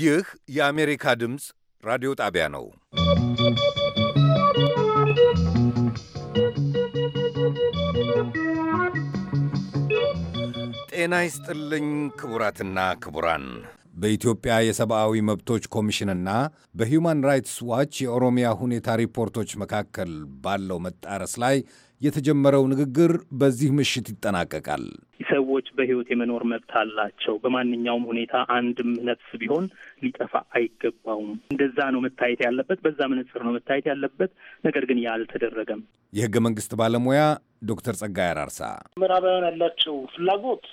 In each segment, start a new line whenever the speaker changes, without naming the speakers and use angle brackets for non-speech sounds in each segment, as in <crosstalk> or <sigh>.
ይህ የአሜሪካ ድምፅ ራዲዮ ጣቢያ ነው። ጤና ይስጥልኝ ክቡራትና ክቡራን። በኢትዮጵያ የሰብአዊ መብቶች ኮሚሽንና በሂውማን ራይትስ ዋች የኦሮሚያ ሁኔታ ሪፖርቶች መካከል ባለው መጣረስ ላይ የተጀመረው ንግግር በዚህ ምሽት ይጠናቀቃል።
ሰዎች በሕይወት የመኖር መብት አላቸው። በማንኛውም ሁኔታ አንድም ነፍስ ቢሆን ሊጠፋ አይገባውም። እንደዛ ነው መታየት ያለበት፣ በዛ መነጽር ነው መታየት ያለበት። ነገር ግን ያልተደረገም
የህገ መንግስት ባለሙያ ዶክተር ጸጋይ አራርሳ
ምዕራባውያን
ያላቸው ፍላጎት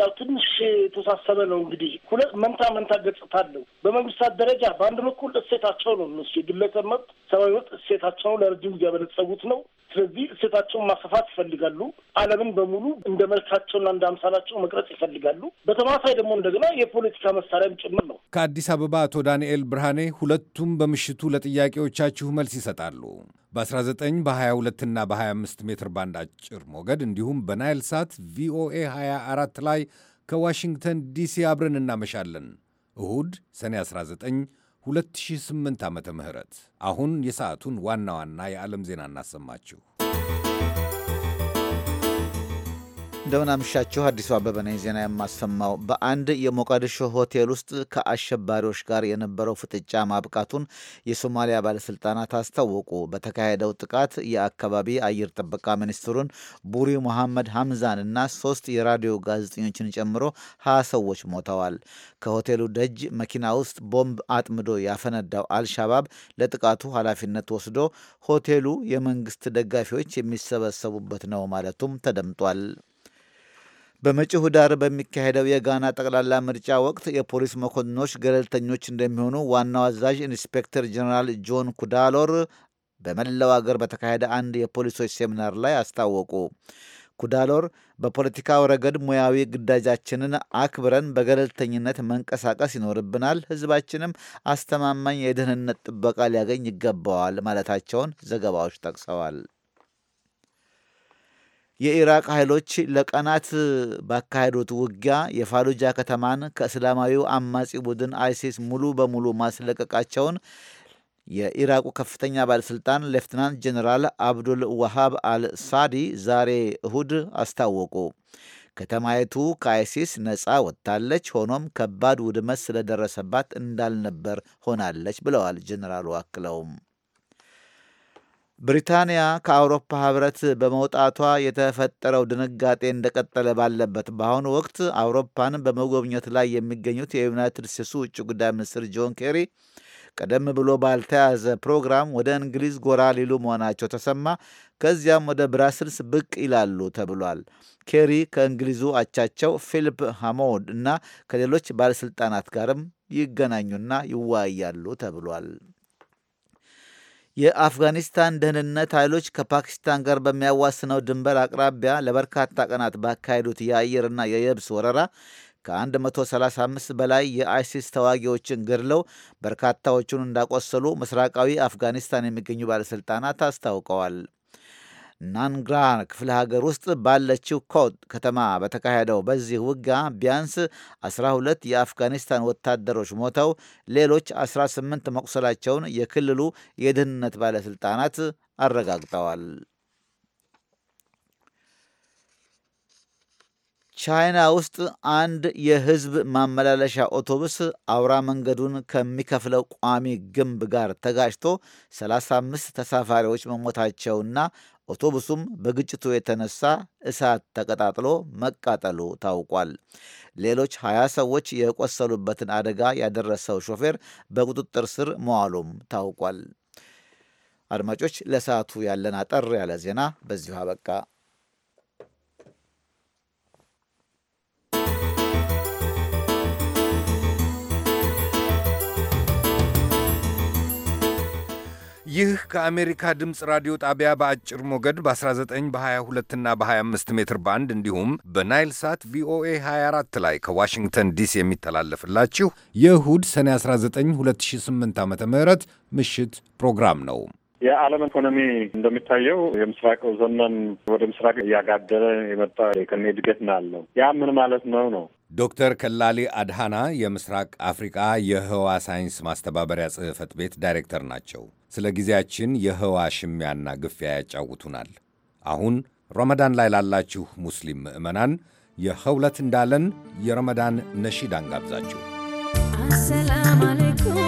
ያው ትንሽ የተሳሰበ ነው። እንግዲህ ሁለት መንታ መንታ ገጽታ አለው። በመንግስታት ደረጃ በአንድ በኩል እሴታቸው ነው እነሱ የግለሰብ መብት፣ ሰብአዊ መብት እሴታቸው ለረጅም ጊዜ ያበለጸጉት ነው። ስለዚህ እሴታቸውን ማስፋፋት ይፈልጋሉ። ዓለምን በሙሉ እንደ መልካቸውና እንደ አምሳላቸው መቅረጽ ይፈልጋሉ። በተማሳይ ደግሞ እንደገና የፖለቲካ መሳሪያም ጭምር ነው።
ከአዲስ አበባ አቶ ዳንኤል ብርሃኔ፣ ሁለቱም በምሽቱ ለጥያቄዎቻችሁ መልስ ይሰጣሉ። በ19 በ22 እና በ25 ሜትር ባንድ አጭር ሞገድ እንዲሁም በናይል ሳት ቪኦኤ 24 ላይ ከዋሽንግተን ዲሲ አብረን እናመሻለን። እሁድ ሰኔ 19 2008 ዓ ም አሁን የሰዓቱን ዋና ዋና የዓለም ዜና እናሰማችሁ።
እንደምን አምሻችሁ። አዲሱ አበበ ነኝ። ዜና የማሰማው በአንድ የሞቃዲሾ ሆቴል ውስጥ ከአሸባሪዎች ጋር የነበረው ፍጥጫ ማብቃቱን የሶማሊያ ባለስልጣናት አስታወቁ። በተካሄደው ጥቃት የአካባቢ አየር ጥበቃ ሚኒስትሩን ቡሪ መሐመድ ሐምዛን እና ሶስት የራዲዮ ጋዜጠኞችን ጨምሮ ሀያ ሰዎች ሞተዋል። ከሆቴሉ ደጅ መኪና ውስጥ ቦምብ አጥምዶ ያፈነዳው አልሻባብ ለጥቃቱ ኃላፊነት ወስዶ ሆቴሉ የመንግስት ደጋፊዎች የሚሰበሰቡበት ነው ማለቱም ተደምጧል። በመጪው ህዳር በሚካሄደው የጋና ጠቅላላ ምርጫ ወቅት የፖሊስ መኮንኖች ገለልተኞች እንደሚሆኑ ዋናው አዛዥ ኢንስፔክተር ጀኔራል ጆን ኩዳሎር በመላው አገር በተካሄደ አንድ የፖሊሶች ሴሚናር ላይ አስታወቁ። ኩዳሎር በፖለቲካው ረገድ ሙያዊ ግዳጃችንን አክብረን በገለልተኝነት መንቀሳቀስ ይኖርብናል፣ ህዝባችንም አስተማማኝ የደህንነት ጥበቃ ሊያገኝ ይገባዋል ማለታቸውን ዘገባዎች ጠቅሰዋል። የኢራቅ ኃይሎች ለቀናት ባካሄዱት ውጊያ የፋሉጃ ከተማን ከእስላማዊው አማጺ ቡድን አይሲስ ሙሉ በሙሉ ማስለቀቃቸውን የኢራቁ ከፍተኛ ባለሥልጣን ሌፍትናንት ጀኔራል አብዱል ዋሃብ አልሳዲ ዛሬ እሁድ አስታወቁ። ከተማይቱ ከአይሲስ ነፃ ወጥታለች፣ ሆኖም ከባድ ውድመት ስለደረሰባት እንዳልነበር ሆናለች ብለዋል ጀኔራሉ አክለውም ብሪታንያ ከአውሮፓ ህብረት በመውጣቷ የተፈጠረው ድንጋጤ እንደቀጠለ ባለበት በአሁኑ ወቅት አውሮፓን በመጎብኘት ላይ የሚገኙት የዩናይትድ ስቴትሱ ውጭ ጉዳይ ሚኒስትር ጆን ኬሪ ቀደም ብሎ ባልተያዘ ፕሮግራም ወደ እንግሊዝ ጎራ ሊሉ መሆናቸው ተሰማ። ከዚያም ወደ ብራስልስ ብቅ ይላሉ ተብሏል። ኬሪ ከእንግሊዙ አቻቸው ፊሊፕ ሃሞድ እና ከሌሎች ባለሥልጣናት ጋርም ይገናኙና ይወያያሉ ተብሏል። የአፍጋኒስታን ደህንነት ኃይሎች ከፓኪስታን ጋር በሚያዋስነው ድንበር አቅራቢያ ለበርካታ ቀናት ባካሄዱት የአየርና የየብስ ወረራ ከ135 በላይ የአይሲስ ተዋጊዎችን ገድለው በርካታዎቹን እንዳቆሰሉ ምስራቃዊ አፍጋኒስታን የሚገኙ ባለሥልጣናት አስታውቀዋል። ናንግራ ክፍለ ሀገር ውስጥ ባለችው ኮት ከተማ በተካሄደው በዚህ ውጋ ቢያንስ 12 የአፍጋኒስታን ወታደሮች ሞተው ሌሎች 18 መቁሰላቸውን የክልሉ የደህንነት ባለሥልጣናት አረጋግጠዋል። ቻይና ውስጥ አንድ የሕዝብ ማመላለሻ አውቶቡስ አውራ መንገዱን ከሚከፍለው ቋሚ ግንብ ጋር ተጋጭቶ 35 ተሳፋሪዎች መሞታቸውና አውቶቡሱም በግጭቱ የተነሳ እሳት ተቀጣጥሎ መቃጠሉ ታውቋል። ሌሎች 20 ሰዎች የቆሰሉበትን አደጋ ያደረሰው ሾፌር በቁጥጥር ስር መዋሉም ታውቋል። አድማጮች፣ ለሰዓቱ ያለን አጠር ያለ ዜና በዚሁ አበቃ።
ይህ ከአሜሪካ ድምፅ ራዲዮ ጣቢያ በአጭር ሞገድ በ19 በ22 እና በ25 ሜትር ባንድ እንዲሁም በናይል ሳት ቪኦኤ 24 ላይ ከዋሽንግተን ዲሲ የሚተላለፍላችሁ የእሁድ ሰኔ 19 2008 ዓ.ም ምሽት ፕሮግራም ነው። የዓለም
ኢኮኖሚ እንደሚታየው የምስራቅ ዘመን ወደ ምስራቅ እያጋደለ የመጣ ኢኮኖሚ
እድገት ነው ያለው።
ያ ምን ማለት ነው ነው
ዶክተር ከላሊ አድሃና የምስራቅ አፍሪቃ የህዋ ሳይንስ ማስተባበሪያ ጽህፈት ቤት ዳይሬክተር ናቸው። ስለ ጊዜያችን የህዋ ሽሚያና ግፊያ ያጫውቱናል። አሁን ረመዳን ላይ ላላችሁ ሙስሊም ምዕመናን የኸውለት እንዳለን የረመዳን ነሺድ አንጋብዛችሁ
አሰላም አለይኩም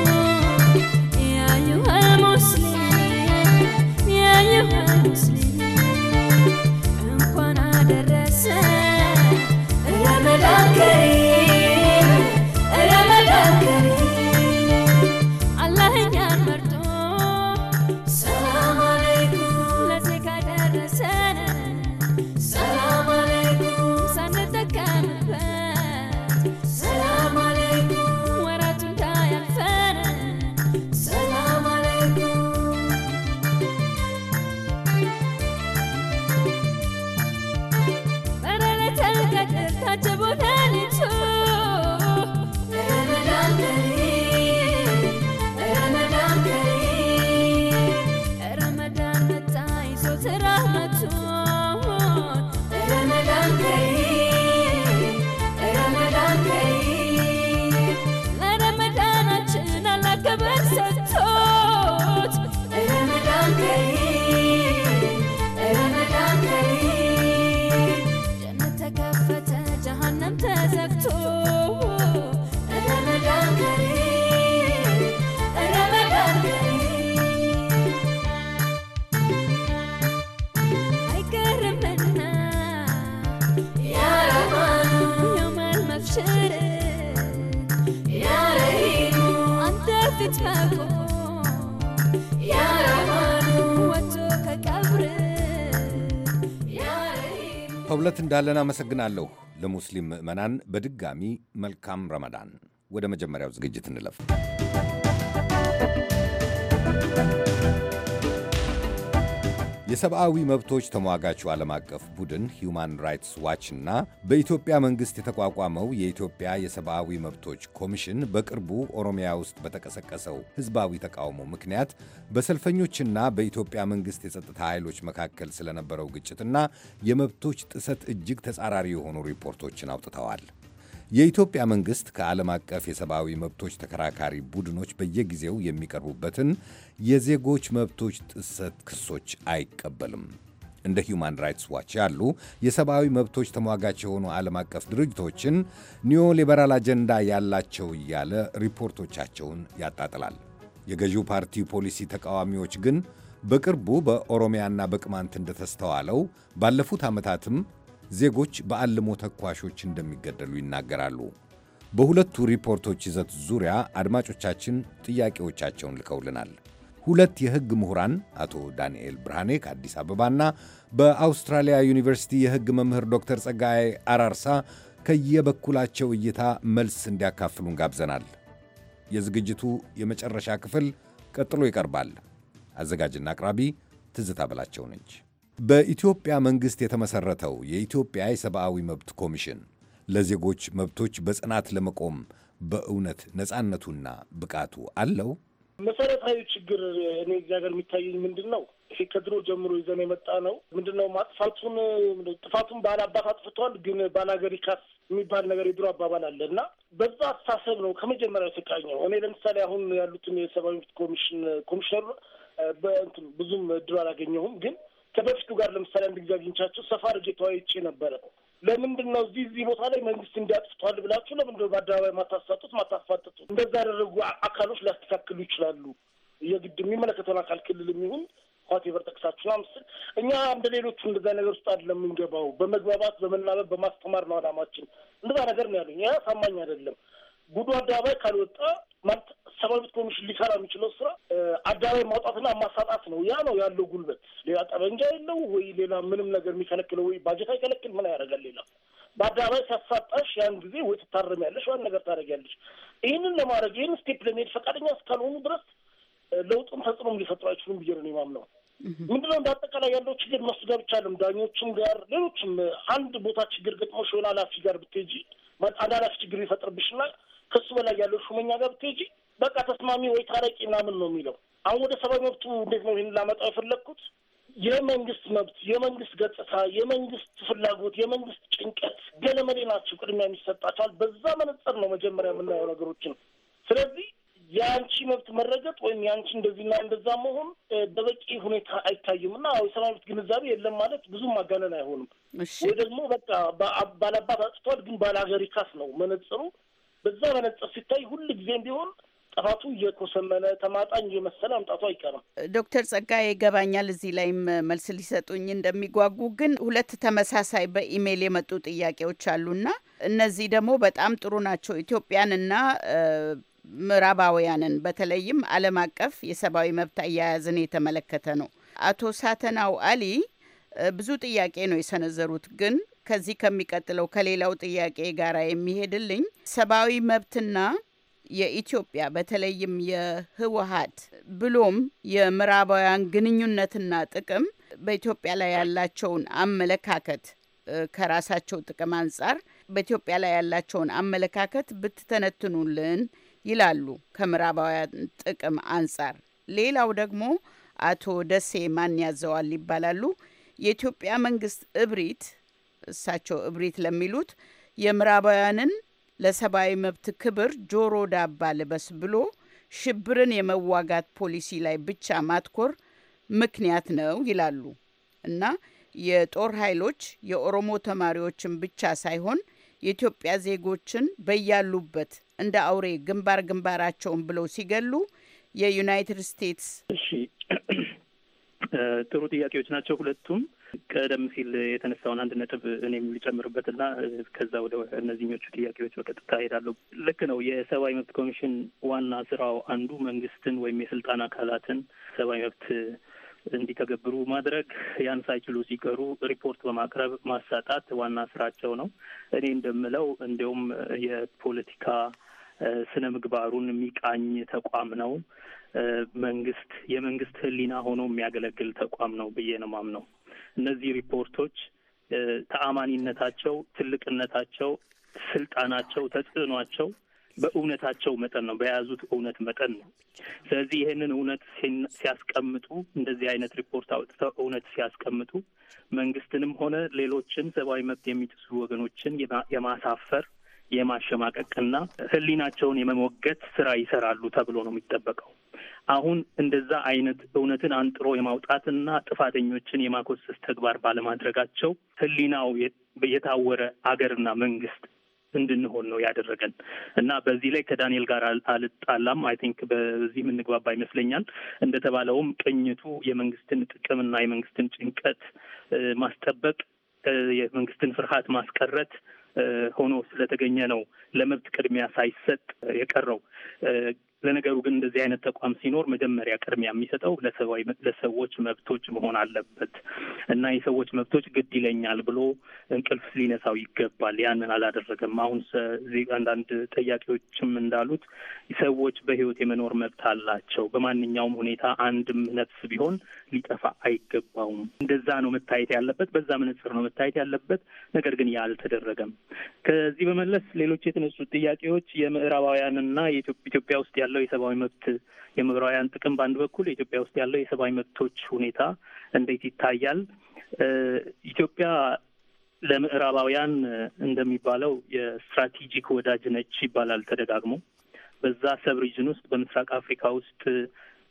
እንዳለን አመሰግናለሁ። ለሙስሊም ምዕመናን በድጋሚ መልካም ረመዳን። ወደ መጀመሪያው ዝግጅት እንለፍ። የሰብአዊ መብቶች ተሟጋቹ ዓለም አቀፍ ቡድን ሂውማን ራይትስ ዋች እና በኢትዮጵያ መንግሥት የተቋቋመው የኢትዮጵያ የሰብአዊ መብቶች ኮሚሽን በቅርቡ ኦሮሚያ ውስጥ በተቀሰቀሰው ሕዝባዊ ተቃውሞ ምክንያት በሰልፈኞችና በኢትዮጵያ መንግሥት የጸጥታ ኃይሎች መካከል ስለነበረው ግጭትና የመብቶች ጥሰት እጅግ ተጻራሪ የሆኑ ሪፖርቶችን አውጥተዋል። የኢትዮጵያ መንግሥት ከዓለም አቀፍ የሰብአዊ መብቶች ተከራካሪ ቡድኖች በየጊዜው የሚቀርቡበትን የዜጎች መብቶች ጥሰት ክሶች አይቀበልም። እንደ ሂውማን ራይትስ ዋች ያሉ የሰብአዊ መብቶች ተሟጋች የሆኑ ዓለም አቀፍ ድርጅቶችን ኒዮ ሊበራል አጀንዳ ያላቸው እያለ ሪፖርቶቻቸውን ያጣጥላል። የገዢው ፓርቲ ፖሊሲ ተቃዋሚዎች ግን በቅርቡ በኦሮሚያና በቅማንት እንደተስተዋለው ባለፉት ዓመታትም ዜጎች በአልሞ ተኳሾች እንደሚገደሉ ይናገራሉ። በሁለቱ ሪፖርቶች ይዘት ዙሪያ አድማጮቻችን ጥያቄዎቻቸውን ልከውልናል። ሁለት የሕግ ምሁራን አቶ ዳንኤል ብርሃኔ ከአዲስ አበባና በአውስትራሊያ ዩኒቨርሲቲ የሕግ መምህር ዶክተር ጸጋዬ አራርሳ ከየበኩላቸው እይታ መልስ እንዲያካፍሉን ጋብዘናል። የዝግጅቱ የመጨረሻ ክፍል ቀጥሎ ይቀርባል። አዘጋጅና አቅራቢ ትዝታ በላቸው ነች። በኢትዮጵያ መንግሥት የተመሠረተው የኢትዮጵያ የሰብአዊ መብት ኮሚሽን ለዜጎች መብቶች በጽናት ለመቆም በእውነት ነጻነቱና ብቃቱ አለው?
መሰረታዊ ችግር እኔ እዚህ ሀገር የሚታየኝ ምንድን ነው? ይሄ ከድሮ ጀምሮ ይዘን የመጣ ነው። ምንድን ነው ማጥፋቱን ጥፋቱን ባላባት አጥፍቷል፣ ግን ባላገር ይካስ የሚባል ነገር የድሮ አባባል አለ እና በዛ አስተሳሰብ ነው ከመጀመሪያው የተቃኘው። እኔ ለምሳሌ አሁን ያሉትን የሰብአዊ መብት ኮሚሽን ኮሚሽነሩ ብዙም እድሉ አላገኘሁም፣ ግን ከበፊቱ ጋር ለምሳሌ አንድ ጊዜ አግኝቻቸው ሰፋ አድርጌ ተወያይቼ ነበረ። ለምንድን ነው እዚህ እዚህ ቦታ ላይ መንግስት እንዲያጥፍቷል ብላችሁ ለምንድን ነው በአደባባይ ማታሳጡት ማታፋጥጡት? እንደዛ ያደረጉ አካሎች ሊያስተካክሉ ይችላሉ። የግድ የሚመለከተውን አካል ክልል የሚሆን ኳቴቨር ጠቅሳችሁ ምስል እኛ እንደ ሌሎቹ እንደዛ ነገር ውስጥ አይደለም የምንገባው። በመግባባት በመናበብ በማስተማር ነው አላማችን። እንደዛ ነገር ነው ያሉኝ። ያ ታማኝ አይደለም። ጉዱ አደባባይ ካልወጣ ማለት ሰብአዊ መብት ኮሚሽን ሊሰራ የሚችለው ስራ አደባባይ ማውጣትና ማሳጣት ነው። ያ ነው ያለው ጉልበት። ሌላ ጠበንጃ የለው ወይ ሌላ ምንም ነገር የሚከለክለው ወይ ባጀት አይከለክል ምን ያደርጋል ሌላ በአደባባይ ሲያሳጣሽ ያን ጊዜ ወይ ትታረሚያለሽ ወይ ነገር ታደርጊያለሽ። ይህንን ለማድረግ ይህን ስቴፕ ለመሄድ ፈቃደኛ እስካልሆኑ ድረስ ለውጥም ተጽዕኖም ሊፈጥሩ አይችሉም ብዬ ነው የማምነው። ምንድነው እንደ አጠቃላይ ያለው ችግር እነሱ ጋር ብቻ አለም ዳኞችም ጋር ሌሎችም አንድ ቦታ ችግር ገጥሞሽ የሆነ ኃላፊ ጋር ብትሄጂ አንድ ኃላፊ ችግር ይፈጥርብሽና ከሱ በላይ ያለው ሹመኛ ጋር ብትሄጂ በቃ ተስማሚ ወይ ታረቂ ምናምን ነው የሚለው። አሁን ወደ ሰብአዊ መብቱ እንዴት ነው ይህን ላመጣው የፈለግኩት? የመንግስት መብት፣ የመንግስት ገጽታ፣ የመንግስት ፍላጎት፣ የመንግስት ጭንቀት ገለመሌ ናቸው። ቅድሚያ የሚሰጣቸዋል። በዛ መነጽር ነው መጀመሪያ የምናየው ነገሮችን። ስለዚህ የአንቺ መብት መረገጥ ወይም የአንቺ እንደዚህና እንደዛ መሆን በበቂ ሁኔታ አይታይም እና የሰብአዊ መብት ግንዛቤ የለም ማለት ብዙም ማጋነን አይሆንም። ወይ ደግሞ በቃ ባላባት አጥቷል ግን ባለሀገር ይካስ ነው መነጽሩ። በዛ መነጽር ሲታይ ሁል ጊዜም ቢሆን ጥፋቱ እየኮሰመነ ተማጣኝ የመሰለ አምጣቱ አይቀርም።
ዶክተር ጸጋዬ ይገባኛል እዚህ ላይም መልስ ሊሰጡኝ እንደሚጓጉ፣ ግን ሁለት ተመሳሳይ በኢሜይል የመጡ ጥያቄዎች አሉና እነዚህ ደግሞ በጣም ጥሩ ናቸው። ኢትዮጵያንና ምዕራባውያንን በተለይም ዓለም አቀፍ የሰብአዊ መብት አያያዝን የተመለከተ ነው። አቶ ሳተናው አሊ ብዙ ጥያቄ ነው የሰነዘሩት፣ ግን ከዚህ ከሚቀጥለው ከሌላው ጥያቄ ጋር የሚሄድልኝ ሰብአዊ መብትና የኢትዮጵያ በተለይም የህወሀት ብሎም የምዕራባውያን ግንኙነትና ጥቅም በኢትዮጵያ ላይ ያላቸውን አመለካከት ከራሳቸው ጥቅም አንጻር በኢትዮጵያ ላይ ያላቸውን አመለካከት ብትተነትኑልን ይላሉ። ከምዕራባውያን ጥቅም አንጻር ሌላው ደግሞ አቶ ደሴ ማን ያዘዋል ይባላሉ። የኢትዮጵያ መንግስት እብሪት እሳቸው እብሪት ለሚሉት የምዕራባውያንን ለሰብአዊ መብት ክብር ጆሮ ዳባ ልበስ ብሎ ሽብርን የመዋጋት ፖሊሲ ላይ ብቻ ማትኮር ምክንያት ነው ይላሉ እና የጦር ኃይሎች የኦሮሞ ተማሪዎችን ብቻ ሳይሆን የኢትዮጵያ ዜጎችን በያሉበት እንደ አውሬ ግንባር ግንባራቸውን ብለው ሲገሉ የዩናይትድ ስቴትስ እሺ <clears throat>
ጥሩ ጥያቄዎች ናቸው ሁለቱም ቀደም ሲል የተነሳውን አንድ ነጥብ እኔም ሊጨምርበትና ከዛ ወደ እነዚህኞቹ ጥያቄዎች በቀጥታ ሄዳለሁ። ልክ ነው። የሰብአዊ መብት ኮሚሽን ዋና ስራው አንዱ መንግስትን ወይም የስልጣን አካላትን ሰብአዊ መብት እንዲተገብሩ ማድረግ ያን ሳይችሉ ሲቀሩ ሪፖርት በማቅረብ ማሳጣት ዋና ስራቸው ነው። እኔ እንደምለው እንዲሁም የፖለቲካ ስነ ምግባሩን የሚቃኝ ተቋም ነው። መንግስት የመንግስት ህሊና ሆኖ የሚያገለግል ተቋም ነው ብዬ ነው ማምነው። እነዚህ ሪፖርቶች ተአማኒነታቸው፣ ትልቅነታቸው፣ ስልጣናቸው፣ ተጽዕኗቸው በእውነታቸው መጠን ነው፣ በያዙት እውነት መጠን ነው። ስለዚህ ይህንን እውነት ሲያስቀምጡ እንደዚህ አይነት ሪፖርት አውጥተው እውነት ሲያስቀምጡ መንግስትንም ሆነ ሌሎችን ሰብአዊ መብት የሚጥሱ ወገኖችን የማሳፈር የማሸማቀቅና ህሊናቸውን የመሞገት ስራ ይሰራሉ ተብሎ ነው የሚጠበቀው። አሁን እንደዛ አይነት እውነትን አንጥሮ የማውጣትና ጥፋተኞችን የማኮሰስ ተግባር ባለማድረጋቸው ህሊናው የታወረ አገርና መንግስት እንድንሆን ነው ያደረገን እና በዚህ ላይ ከዳንኤል ጋር አልጣላም። አይ ቲንክ በዚህ የምንግባባ ይመስለኛል። እንደተባለውም ቅኝቱ የመንግስትን ጥቅምና የመንግስትን ጭንቀት ማስጠበቅ፣ የመንግስትን ፍርሃት ማስቀረት ሆኖ ስለተገኘ ነው ለመብት ቅድሚያ ሳይሰጥ የቀረው። ለነገሩ ግን እንደዚህ አይነት ተቋም ሲኖር መጀመሪያ ቅድሚያ የሚሰጠው ለሰብአዊ ለሰዎች መብቶች መሆን አለበት እና የሰዎች መብቶች ግድ ይለኛል ብሎ እንቅልፍ ሊነሳው ይገባል። ያንን አላደረገም። አሁን አንዳንድ ጠያቂዎችም እንዳሉት ሰዎች በህይወት የመኖር መብት አላቸው። በማንኛውም ሁኔታ አንድም ነፍስ ቢሆን ሊጠፋ አይገባውም። እንደዛ ነው መታየት ያለበት። በዛ መነጽር ነው መታየት ያለበት። ነገር ግን ያ አልተደረገም። ከዚህ በመለስ ሌሎች የተነሱት ጥያቄዎች የምዕራባውያንና ኢትዮጵያ ውስጥ ያለው የሰብአዊ መብት የምዕራባውያን ጥቅም በአንድ በኩል ኢትዮጵያ ውስጥ ያለው የሰብአዊ መብቶች ሁኔታ እንዴት ይታያል? ኢትዮጵያ ለምዕራባውያን እንደሚባለው የስትራቴጂክ ወዳጅ ነች ይባላል ተደጋግሞ። በዛ ሰብ ሪጅን ውስጥ በምስራቅ አፍሪካ ውስጥ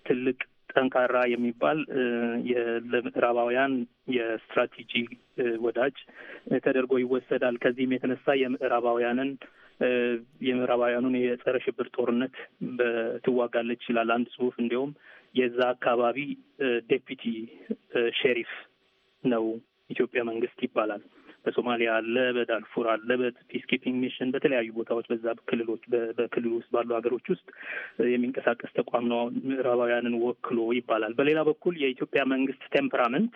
ትልቅ ጠንካራ የሚባል ለምዕራባውያን የስትራቴጂ ወዳጅ ተደርጎ ይወሰዳል። ከዚህም የተነሳ የምዕራባውያንን የምዕራባውያኑን የጸረ ሽብር ጦርነት በትዋጋለች ይችላል አንድ ጽሁፍ። እንዲሁም የዛ አካባቢ ዴፒቲ ሼሪፍ ነው ኢትዮጵያ መንግስት ይባላል። በሶማሊያ አለ፣ በዳልፉር አለ፣ በፒስኪፒንግ ሚሽን በተለያዩ ቦታዎች በዛ ክልሎች በክልል ውስጥ ባሉ ሀገሮች ውስጥ የሚንቀሳቀስ ተቋም ነው። ምዕራባውያንን ወክሎ ይባላል። በሌላ በኩል የኢትዮጵያ መንግስት ቴምፐራመንት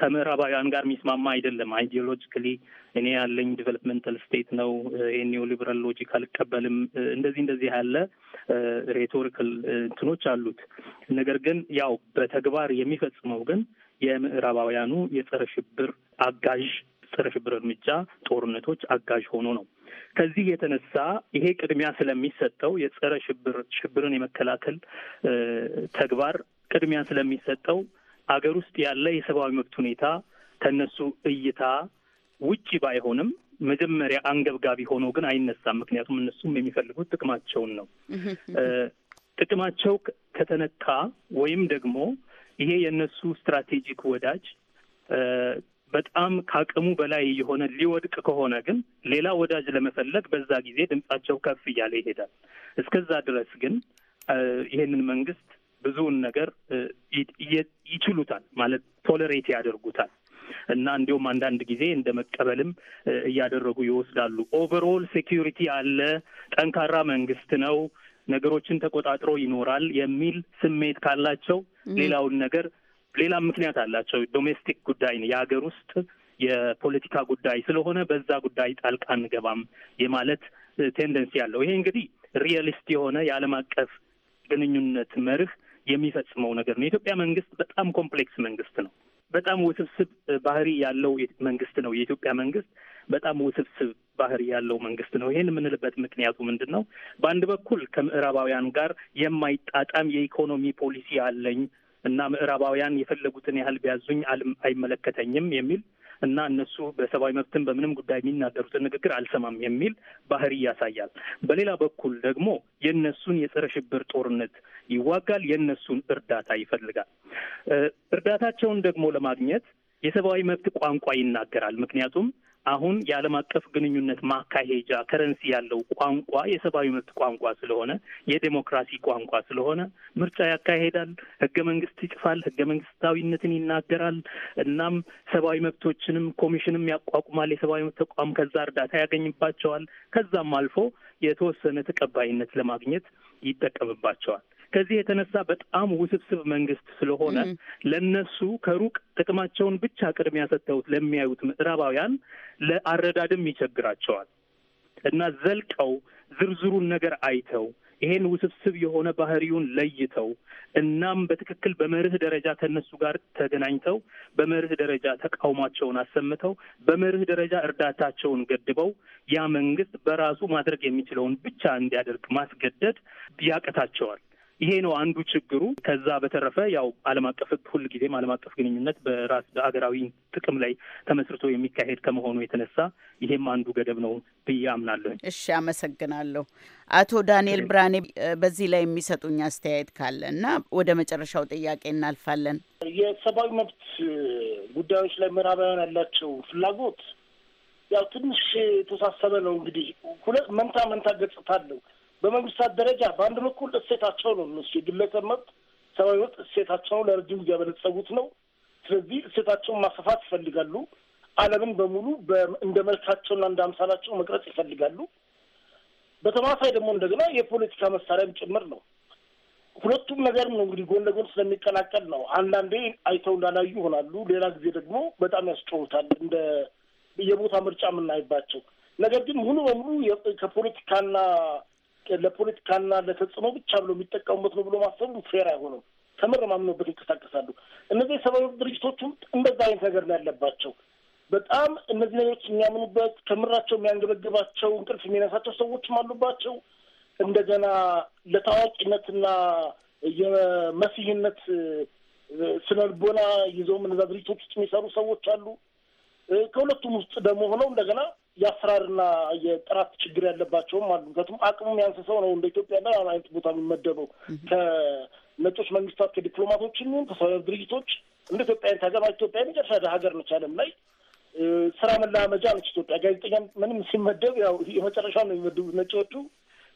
ከምዕራባውያን ጋር የሚስማማ አይደለም። አይዲዮሎጂካሊ እኔ ያለኝ ዲቨሎፕመንታል ስቴት ነው፣ ይሄን ኒዮ ሊበራል ሎጂክ አልቀበልም፣ እንደዚህ እንደዚህ ያለ ሬቶሪካል እንትኖች አሉት። ነገር ግን ያው በተግባር የሚፈጽመው ግን የምዕራባውያኑ የጸረ ሽብር አጋዥ ጸረ ሽብር እርምጃ ጦርነቶች አጋዥ ሆኖ ነው። ከዚህ የተነሳ ይሄ ቅድሚያ ስለሚሰጠው የጸረ ሽብር ሽብርን የመከላከል ተግባር ቅድሚያ ስለሚሰጠው አገር ውስጥ ያለ የሰብአዊ መብት ሁኔታ ከነሱ እይታ ውጭ ባይሆንም መጀመሪያ አንገብጋቢ ሆኖ ግን አይነሳም። ምክንያቱም እነሱም የሚፈልጉት ጥቅማቸውን ነው። ጥቅማቸው ከተነካ ወይም ደግሞ ይሄ የእነሱ ስትራቴጂክ ወዳጅ በጣም ከአቅሙ በላይ የሆነ ሊወድቅ ከሆነ ግን ሌላ ወዳጅ ለመፈለግ በዛ ጊዜ ድምጻቸው ከፍ እያለ ይሄዳል። እስከዛ ድረስ ግን ይሄንን መንግስት ብዙውን ነገር ይችሉታል ማለት ቶለሬት ያደርጉታል እና እንዲሁም አንዳንድ ጊዜ እንደ መቀበልም እያደረጉ ይወስዳሉ። ኦቨርኦል ሴኪሪቲ አለ፣ ጠንካራ መንግስት ነው፣ ነገሮችን ተቆጣጥሮ ይኖራል የሚል ስሜት ካላቸው ሌላውን ነገር ሌላም ምክንያት አላቸው። ዶሜስቲክ ጉዳይ ነው የሀገር ውስጥ የፖለቲካ ጉዳይ ስለሆነ በዛ ጉዳይ ጣልቃ አንገባም የማለት ቴንደንሲ አለው። ይሄ እንግዲህ ሪያሊስት የሆነ የዓለም አቀፍ ግንኙነት መርህ የሚፈጽመው ነገር ነው። የኢትዮጵያ መንግስት በጣም ኮምፕሌክስ መንግስት ነው። በጣም ውስብስብ ባህሪ ያለው መንግስት ነው። የኢትዮጵያ መንግስት በጣም ውስብስብ ባህሪ ያለው መንግስት ነው። ይህን የምንልበት ምክንያቱ ምንድን ነው? በአንድ በኩል ከምዕራባውያን ጋር የማይጣጣም የኢኮኖሚ ፖሊሲ አለኝ እና ምዕራባውያን የፈለጉትን ያህል ቢያዙኝ አይመለከተኝም የሚል እና እነሱ በሰብአዊ መብትን በምንም ጉዳይ የሚናገሩትን ንግግር አልሰማም የሚል ባህሪ ያሳያል። በሌላ በኩል ደግሞ የእነሱን የጸረ ሽብር ጦርነት ይዋጋል፣ የእነሱን እርዳታ ይፈልጋል። እርዳታቸውን ደግሞ ለማግኘት የሰብአዊ መብት ቋንቋ ይናገራል። ምክንያቱም አሁን የዓለም አቀፍ ግንኙነት ማካሄጃ ከረንሲ ያለው ቋንቋ የሰብአዊ መብት ቋንቋ ስለሆነ የዴሞክራሲ ቋንቋ ስለሆነ ምርጫ ያካሄዳል፣ ህገ መንግስት ይጽፋል፣ ህገ መንግስታዊነትን ይናገራል። እናም ሰብአዊ መብቶችንም ኮሚሽንም ያቋቁማል። የሰብአዊ መብት ተቋም ከዛ እርዳታ ያገኝባቸዋል። ከዛም አልፎ የተወሰነ ተቀባይነት ለማግኘት ይጠቀምባቸዋል። ከዚህ የተነሳ በጣም ውስብስብ መንግስት ስለሆነ ለነሱ ከሩቅ ጥቅማቸውን ብቻ ቅድሚያ ሰጥተውት ለሚያዩት ምዕራባውያን ለአረዳድም ይቸግራቸዋል እና ዘልቀው ዝርዝሩን ነገር አይተው ይሄን ውስብስብ የሆነ ባህሪውን ለይተው እናም በትክክል በመርህ ደረጃ ከእነሱ ጋር ተገናኝተው በመርህ ደረጃ ተቃውሟቸውን አሰምተው በመርህ ደረጃ እርዳታቸውን ገድበው ያ መንግስት በራሱ ማድረግ የሚችለውን ብቻ እንዲያደርግ ማስገደድ ያቀታቸዋል። ይሄ ነው አንዱ ችግሩ። ከዛ በተረፈ ያው ዓለም አቀፍ ሕግ ጊዜም ዓለም አቀፍ ግንኙነት በራስ በአገራዊ ጥቅም ላይ ተመስርቶ የሚካሄድ ከመሆኑ የተነሳ ይሄም አንዱ ገደብ ነው ብዬ አምናለሁ።
እሺ፣ አመሰግናለሁ አቶ ዳንኤል ብርሃኔ በዚህ ላይ የሚሰጡኝ አስተያየት ካለ እና ወደ መጨረሻው ጥያቄ እናልፋለን። የሰብአዊ መብት
ጉዳዮች ላይ ምዕራባውያን ያላቸው ፍላጎት ያው ትንሽ የተሳሰበ ነው። እንግዲህ ሁለት መንታ መንታ ገጽታ አለው። በመንግስታት ደረጃ በአንድ በኩል እሴታቸው ነው እነሱ የግለሰብ መብት ሰብአዊ መብት እሴታቸው ለረጅም ጊዜ ያበለጸጉት ነው። ስለዚህ እሴታቸውን ማሰፋት ይፈልጋሉ። ዓለምን በሙሉ እንደ መልካቸውና እንደ አምሳላቸው መቅረጽ ይፈልጋሉ። በተማሳይ ደግሞ እንደገና የፖለቲካ መሳሪያም ጭምር ነው። ሁለቱም ነገር ነው እንግዲህ ጎን ለጎን ስለሚቀላቀል ነው። አንዳንዴ አይተው እንዳላዩ ይሆናሉ። ሌላ ጊዜ ደግሞ በጣም ያስጨውታል እንደ የቦታ ምርጫ የምናይባቸው ነገር ግን ሙሉ በሙሉ ከፖለቲካና ለፖለቲካና ለተጽዕኖ ብቻ ብሎ የሚጠቀሙበት ነው ብሎ ማሰቡ ፌር አይሆንም። ተምር ማምኖበት ይንቀሳቀሳሉ። እነዚህ የሰብአዊ ድርጅቶቹም እንደዛ አይነት ነገር ነው ያለባቸው። በጣም እነዚህ ነገሮች የሚያምኑበት ከምራቸው የሚያንገበግባቸው እንቅልፍ የሚነሳቸው ሰዎችም አሉባቸው። እንደገና ለታዋቂነትና የመሲህነት ስነልቦና ይዘውም እነዛ ድርጅቶች ውስጥ የሚሰሩ ሰዎች አሉ። ከሁለቱም ውስጥ ደግሞ ሆነው እንደገና የአሰራርና የጥራት ችግር ያለባቸውም አሉ። ምክንያቱም አቅሙም ያንስ ሰው ነው እንደ ኢትዮጵያ ና አይነት ቦታ የሚመደበው ከነጮች መንግስታት ከዲፕሎማቶች የሚሆን ከሰብዓዊ ድርጅቶች እንደ ኢትዮጵያ አይነት ሀገር ኢትዮጵያ ደ ሀገር ነች ዓለም ላይ ስራ መላመጃ ነች ኢትዮጵያ። ጋዜጠኛ ምንም ሲመደብ ያው የመጨረሻ ነው የሚመደቡት ነጮቹ።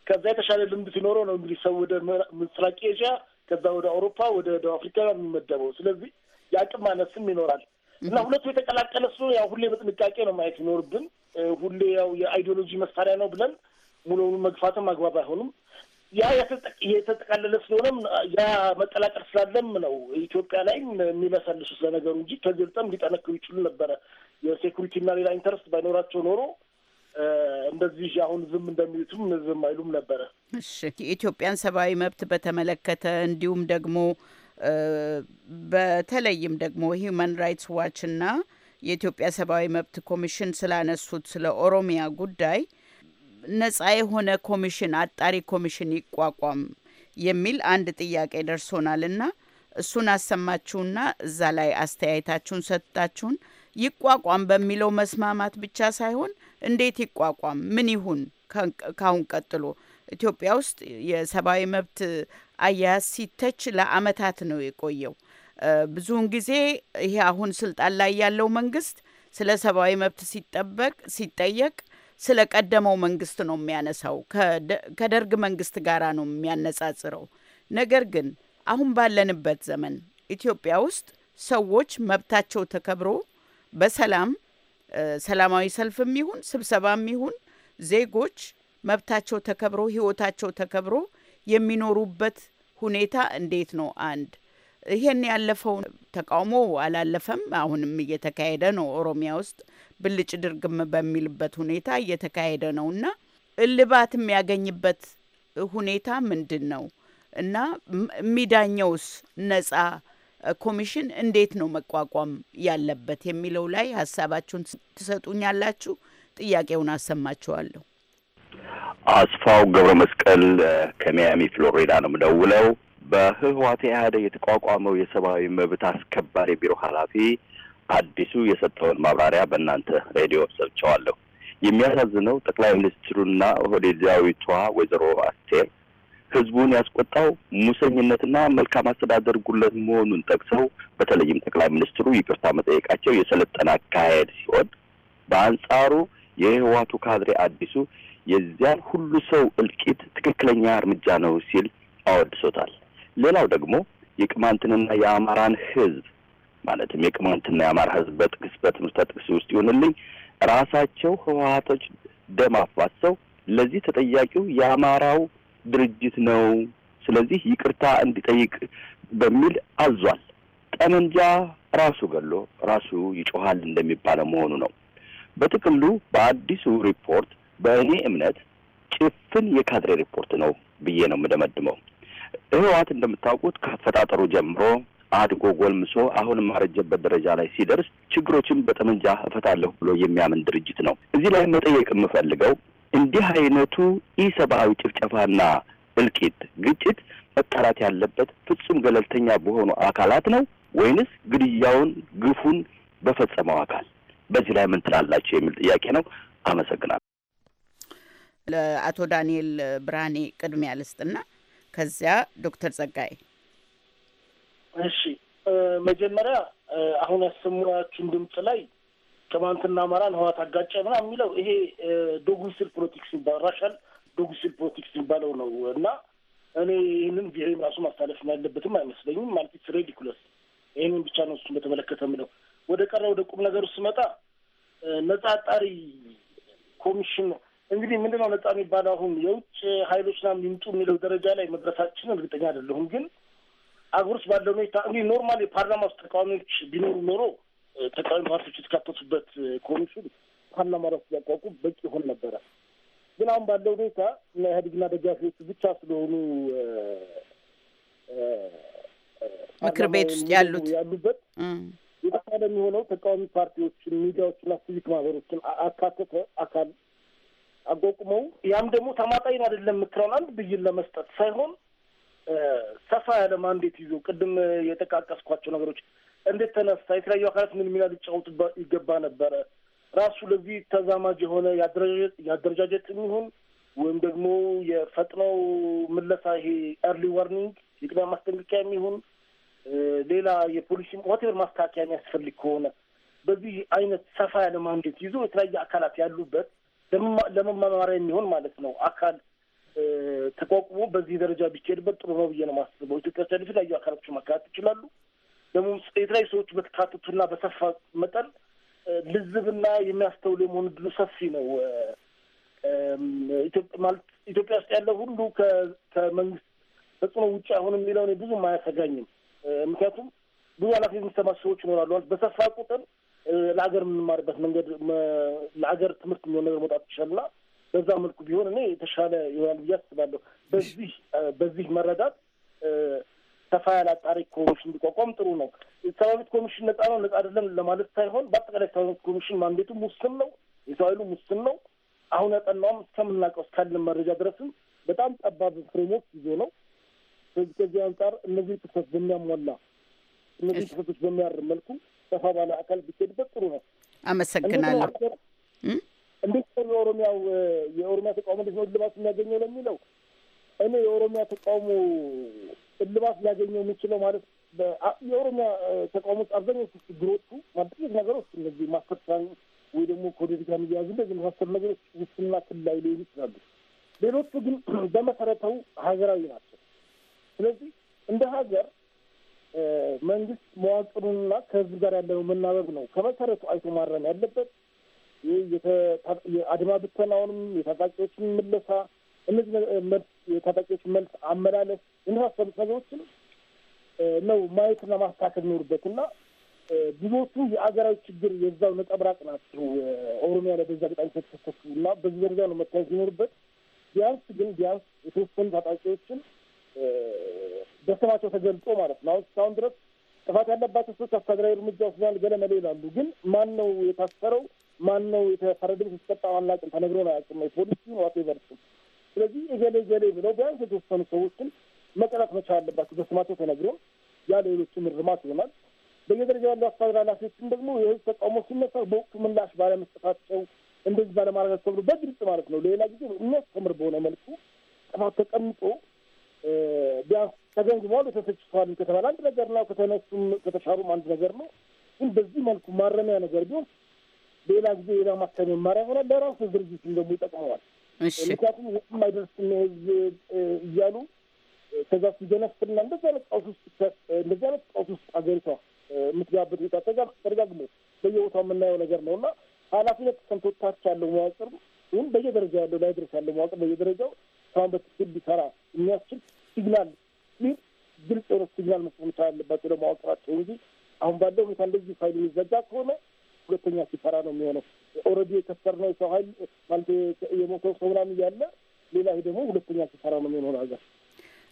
ከዛ የተሻለ ልምድ ሲኖረው ነው እንግዲህ ሰው ወደ ምስራቅ ኤዥያ ከዛ ወደ አውሮፓ ወደ ደቡብ አፍሪካ የሚመደበው። ስለዚህ የአቅም ማነስም ይኖራል እና ሁለቱ የተቀላቀለ ስለሆነ ያው ሁሌ በጥንቃቄ ነው ማየት ይኖርብን። ሁሌ ያው የአይዲዮሎጂ መሳሪያ ነው ብለን ሙሉ መግፋትም አግባብ አይሆንም። ያ የተጠቃለለ ስለሆነም ያ መጠላቀር ስላለም ነው ኢትዮጵያ ላይ የሚመሰልሱ ስለነገሩ እንጂ ተገልጠም ሊጠነክሩ ይችሉ ነበረ። እና ሌላ ኢንተረስት ባይኖራቸው ኖሮ እንደዚህ አሁን ዝም እንደሚሉትም ዝም አይሉም ነበረ።
እሺ የኢትዮጵያን ሰብአዊ መብት በተመለከተ እንዲሁም ደግሞ በተለይም ደግሞ ሂውማን ራይትስ ዋች እና የኢትዮጵያ ሰብአዊ መብት ኮሚሽን ስላነሱት ስለ ኦሮሚያ ጉዳይ ነጻ የሆነ ኮሚሽን አጣሪ ኮሚሽን ይቋቋም የሚል አንድ ጥያቄ ደርሶናል እና እሱን አሰማችሁና እዛ ላይ አስተያየታችሁን ሰጥታችሁን ይቋቋም በሚለው መስማማት ብቻ ሳይሆን እንዴት ይቋቋም፣ ምን ይሁን ካሁን ቀጥሎ ኢትዮጵያ ውስጥ የሰብአዊ መብት አያያዝ ሲተች ለአመታት ነው የቆየው። ብዙውን ጊዜ ይሄ አሁን ስልጣን ላይ ያለው መንግስት ስለ ሰብአዊ መብት ሲጠበቅ ሲጠየቅ ስለ ቀደመው መንግስት ነው የሚያነሳው። ከደርግ መንግስት ጋር ነው የሚያነጻጽረው። ነገር ግን አሁን ባለንበት ዘመን ኢትዮጵያ ውስጥ ሰዎች መብታቸው ተከብሮ በሰላም ሰላማዊ ሰልፍም ይሁን ስብሰባም ይሁን ዜጎች መብታቸው ተከብሮ ህይወታቸው ተከብሮ የሚኖሩበት ሁኔታ እንዴት ነው? አንድ ይሄን ያለፈውን ተቃውሞ አላለፈም። አሁንም እየተካሄደ ነው። ኦሮሚያ ውስጥ ብልጭ ድርግም በሚልበት ሁኔታ እየተካሄደ ነው እና እልባት የሚያገኝበት ሁኔታ ምንድን ነው እና የሚዳኘውስ ነጻ ኮሚሽን እንዴት ነው መቋቋም ያለበት የሚለው ላይ ሀሳባችሁን ትሰጡኛላችሁ። ጥያቄውን አሰማችኋለሁ።
አስፋው ገብረ መስቀል ከሚያሚ ፍሎሪዳ ነው የምደውለው። በህወሓት ኢህአደ የተቋቋመው የሰብአዊ መብት አስከባሪ ቢሮ ኃላፊ አዲሱ የሰጠውን ማብራሪያ በእናንተ ሬዲዮ ሰብቸዋለሁ። የሚያሳዝነው ጠቅላይ ሚኒስትሩና ኦህዴዳዊቷ ወይዘሮ አስቴር ህዝቡን ያስቆጣው ሙሰኝነትና መልካም አስተዳደር ጉለት መሆኑን ጠቅሰው በተለይም ጠቅላይ ሚኒስትሩ ይቅርታ መጠየቃቸው የሰለጠነ አካሄድ ሲሆን፣ በአንጻሩ የህወሓቱ ካድሬ አዲሱ የዚያን ሁሉ ሰው እልቂት ትክክለኛ እርምጃ ነው ሲል አወድሶታል። ሌላው ደግሞ የቅማንትንና የአማራን ህዝብ ማለትም የቅማንትና የአማራ ህዝብ በጥቅስ በትምህርት ጥቅስ ውስጥ ይሆንልኝ ራሳቸው ህወሀቶች ደም አፋሰው ለዚህ ተጠያቂው የአማራው ድርጅት ነው። ስለዚህ ይቅርታ እንዲጠይቅ በሚል አዟል። ጠመንጃ ራሱ ገሎ ራሱ ይጮሃል እንደሚባለ መሆኑ ነው። በጥቅሉ በአዲሱ ሪፖርት በእኔ እምነት ጭፍን የካድሬ ሪፖርት ነው ብዬ ነው የምደመድመው። ህወሓት እንደምታውቁት ከአፈጣጠሩ ጀምሮ አድጎ ጎልምሶ አሁንም ማረጀበት ደረጃ ላይ ሲደርስ ችግሮችን በጠመንጃ እፈታለሁ ብሎ የሚያምን ድርጅት ነው። እዚህ ላይ መጠየቅ የምፈልገው እንዲህ አይነቱ ኢሰብአዊ ጭፍጨፋና እልቂት፣ ግጭት መጣራት ያለበት ፍጹም ገለልተኛ በሆኑ አካላት ነው ወይንስ ግድያውን፣ ግፉን በፈጸመው አካል? በዚህ ላይ ምን ትላላቸው የሚል ጥያቄ ነው። አመሰግናለሁ።
ለአቶ ዳንኤል ብርሃኔ ቅድሚያ ልስጥና ከዚያ ዶክተር ጸጋይ።
እሺ መጀመሪያ አሁን ያሰሙያችሁን ድምፅ ላይ ቅማንትና አማራን ህዋት አጋጨ ምናምን የሚለው ይሄ ዶጉስል ፖለቲክስ የሚባል ራሻል ዶጉስል ፖለቲክስ የሚባለው ነው እና እኔ ይህንን ብሔሬም ራሱ ማሳለፍ ያለበትም አይመስለኝም። ማለት ኢትስ ሬዲኩለስ። ይህንን ብቻ ነው እሱን በተመለከተ ምለው። ወደ ቀረ ወደ ቁም ነገሩ ስመጣ ነጻ አጣሪ ኮሚሽን እንግዲህ ምንድነው ነጻ የሚባለው አሁን የውጭ ሀይሎች ምናምን ይምጡ የሚለው ደረጃ ላይ መድረሳችን እርግጠኛ አይደለሁም። ግን አገር ውስጥ ባለው ሁኔታ እንግዲህ ኖርማል የፓርላማ ውስጥ ተቃዋሚዎች ቢኖሩ ኖሮ ተቃዋሚ ፓርቲዎች የተካተቱበት ኮሚሽን ፓርላማ ራሱ ሊያቋቁ በቂ ይሆን ነበረ። ግን አሁን ባለው ሁኔታ እና ኢህአዴግና ደጋፊዎቹ ብቻ ስለሆኑ ምክር ቤት ውስጥ ያሉት ያሉበት የተሻለ የሚሆነው ተቃዋሚ ፓርቲዎችን፣ ሚዲያዎችና ሲቪክ ማህበሮችን አካተተ አካል አቋቁመው ያም ደግሞ ተማጣኝ አይደለም የምትለውን አንድ ብይን ለመስጠት ሳይሆን ሰፋ ያለ ማንዴት ይዞ ቅድም የጠቃቀስኳቸው ነገሮች እንዴት ተነሳ፣ የተለያዩ አካላት ምን ሚና ሊጫወቱ ይገባ ነበረ፣ ራሱ ለዚህ ተዛማጅ የሆነ የአደረጃጀት የሚሆን ወይም ደግሞ የፈጥነው ምለሳ ይሄ ኤርሊ ዋርኒንግ የቅድመ ማስጠንቀቂያ የሚሆን ሌላ የፖሊሲ ሆቴል ማስተካከያ የሚያስፈልግ ከሆነ በዚህ አይነት ሰፋ ያለ ማንዴት ይዞ የተለያየ አካላት ያሉበት ለመማማሪያ የሚሆን ማለት ነው አካል ተቋቁሞ በዚህ ደረጃ ቢካሄድበት ጥሩ ነው ብዬ ነው ማስበው። ኢትዮጵያ ውስጥ የተለያዩ አካላቶች መካተት ይችላሉ። ደግሞ የተለያዩ ሰዎች በተካተቱና በሰፋ መጠን ልዝብና የሚያስተውሉ የመሆኑ ድሉ ሰፊ ነው። ማለት ኢትዮጵያ ውስጥ ያለው ሁሉ ከመንግስት ተጽዕኖ ውጭ አሁን የሚለው ብዙም አያሰጋኝም። ምክንያቱም ብዙ ኃላፊነት የሚሰማ ሰዎች ይኖራሉ። በሰፋ ቁጥር ለሀገር የምንማርበት መንገድ ለሀገር ትምህርት የሚሆን ነገር መውጣት ይችላልና በዛ መልኩ ቢሆን እኔ የተሻለ ይሆናል ብዬ አስባለሁ። በዚህ በዚህ መረዳት ሰፋ ያለ አጣሪ ኮሚሽን እንዲቋቋም ጥሩ ነው። ሰብአዊ መብት ኮሚሽን ነጻ ነው ነጻ አይደለም ለማለት ሳይሆን በአጠቃላይ ሰብአዊ መብት ኮሚሽን ማንዴቱ ሙስን ነው፣ የሰው ኃይሉ ሙስን ነው። አሁን ያጠናውም እስከምናውቀው እስካለን መረጃ ድረስም በጣም ጠባብ ፍሬሞች ይዞ ነው። ስለዚህ ከዚህ አንጻር እነዚህ ጥሰት በሚያሟላ እነዚህ ጥሰቶች በሚያርም መልኩ ሰፋ ባለ አካል ቢኬድበት ጥሩ ነው።
አመሰግናለሁ።
እንዴት የኦሮሚያው የኦሮሚያ ተቃውሞ እንዴት ነው እልባት የሚያገኘው ለሚለው እኔ የኦሮሚያ ተቃውሞ እልባት ሊያገኘው የሚችለው ማለት የኦሮሚያ ተቃውሞ ውስጥ አብዛኛው ችግሮቹ ማጠቂት ነገሮች እነዚህ ማስተርሳን ወይ ደግሞ ከፖለቲካ የሚያያዙ እንደዚህ መሳሰሉ ነገሮች ውስና ክልላዊ ሊሆኑ ይችላሉ። ሌሎቹ ግን በመሰረተው ሀገራዊ ናቸው። ስለዚህ እንደ ሀገር መንግስት መዋቅሩንና ከህዝብ ጋር ያለነው መናበብ ነው ከመሰረቱ አይቶ ማረም ያለበት። የአድማ ብተናውንም የታጣቂዎችን ምለሳ፣ እነዚህ መልስ የታጣቂዎች መልስ አመላለስ የመሳሰሉት ነገሮችን ነው ማየትና ማስተካከል ይኖርበት እና ብዙዎቹ የአገራዊ ችግር የዛው ነጠብራቅ ናቸው። ኦሮሚያ ላይ በዛ ገጣሚ ተተከሱ እና በዚህ ደረጃ ነው መታየት ሊኖርበት። ቢያንስ ግን ቢያንስ የተወሰኑ ታጣቂዎችን በስማቸው ተገልጾ ማለት ነው። አሁን እስካሁን ድረስ ጥፋት ያለባቸው ሰዎች አስተዳደራዊ እርምጃ ወስደናል ገለመሌ ይላሉ። ግን ማን ነው የታሰረው? ማን ነው የተፈረደበት? የተቀጣው አናውቅም። ተነግሮን አያውቅም። የፖሊሲን ዋቴቨር እሱን ስለዚህ እገሌ እገሌ ብለው ቢያንስ የተወሰኑ ሰዎችን መቀጣት መቻል አለባቸው። በስማቸው ተነግሮ ያ ሌሎችም እርማት ይሆናል። በየደረጃ ያሉ አስተዳደር ኃላፊዎችም ደግሞ የህዝብ ተቃውሞ ሲነሳ በወቅቱ ምላሽ ባለመስጠታቸው እንደዚህ ባለማድረጋቸው ተብሎ በግልጽ ማለት ነው ሌላ ጊዜ የሚያስተምር በሆነ መልኩ ጥፋት ተቀምጦ ቢያንስ ተገምግሟል። ተተችቷል ከተባለ አንድ ነገር ነው። ከተነሱም ከተሻሩም አንድ ነገር ነው። ግን በዚህ መልኩ ማረሚያ ነገር ቢሆን ሌላ ጊዜ ሌላ ማከል መማሪያ ሆነ ለራሱ ድርጅትም ደግሞ ይጠቅመዋል። ምክንያቱም የትም አይደርስም ህዝብ እያሉ ከዛ ሲገነፍና እንደዚህ አይነት ቀውስ ውስጥ እንደዚህ አይነት ቀውስ ውስጥ አገሪቷ ሁኔታ ቤታ ተደጋግሞ በየቦታው የምናየው ነገር ነው እና ኃላፊነት ተሰምቶት ያለው መዋቅር ይህም በየደረጃ ያለው ላይ ድረስ ያለው መዋቅር በየደረጃው እስካሁን በትክክል ሊሰራ የሚያስችል ሲግናል ሚል ግልጽ የሆነ ሲግናል መስጠት መቻል ያለባቸው ደግሞ መዋቅራቸው እንጂ አሁን ባለው ሁኔታ እንደዚህ ፋይል የሚዘጋ ከሆነ ሁለተኛ ሲፈራ ነው የሚሆነው። ኦልሬዲ የከሰርነው የሰው ሀይል ማለት የሞተው ሰው ምናምን እያለ ሌላ ደግሞ ሁለተኛ ሲፈራ ነው የሚሆነው ሀገር።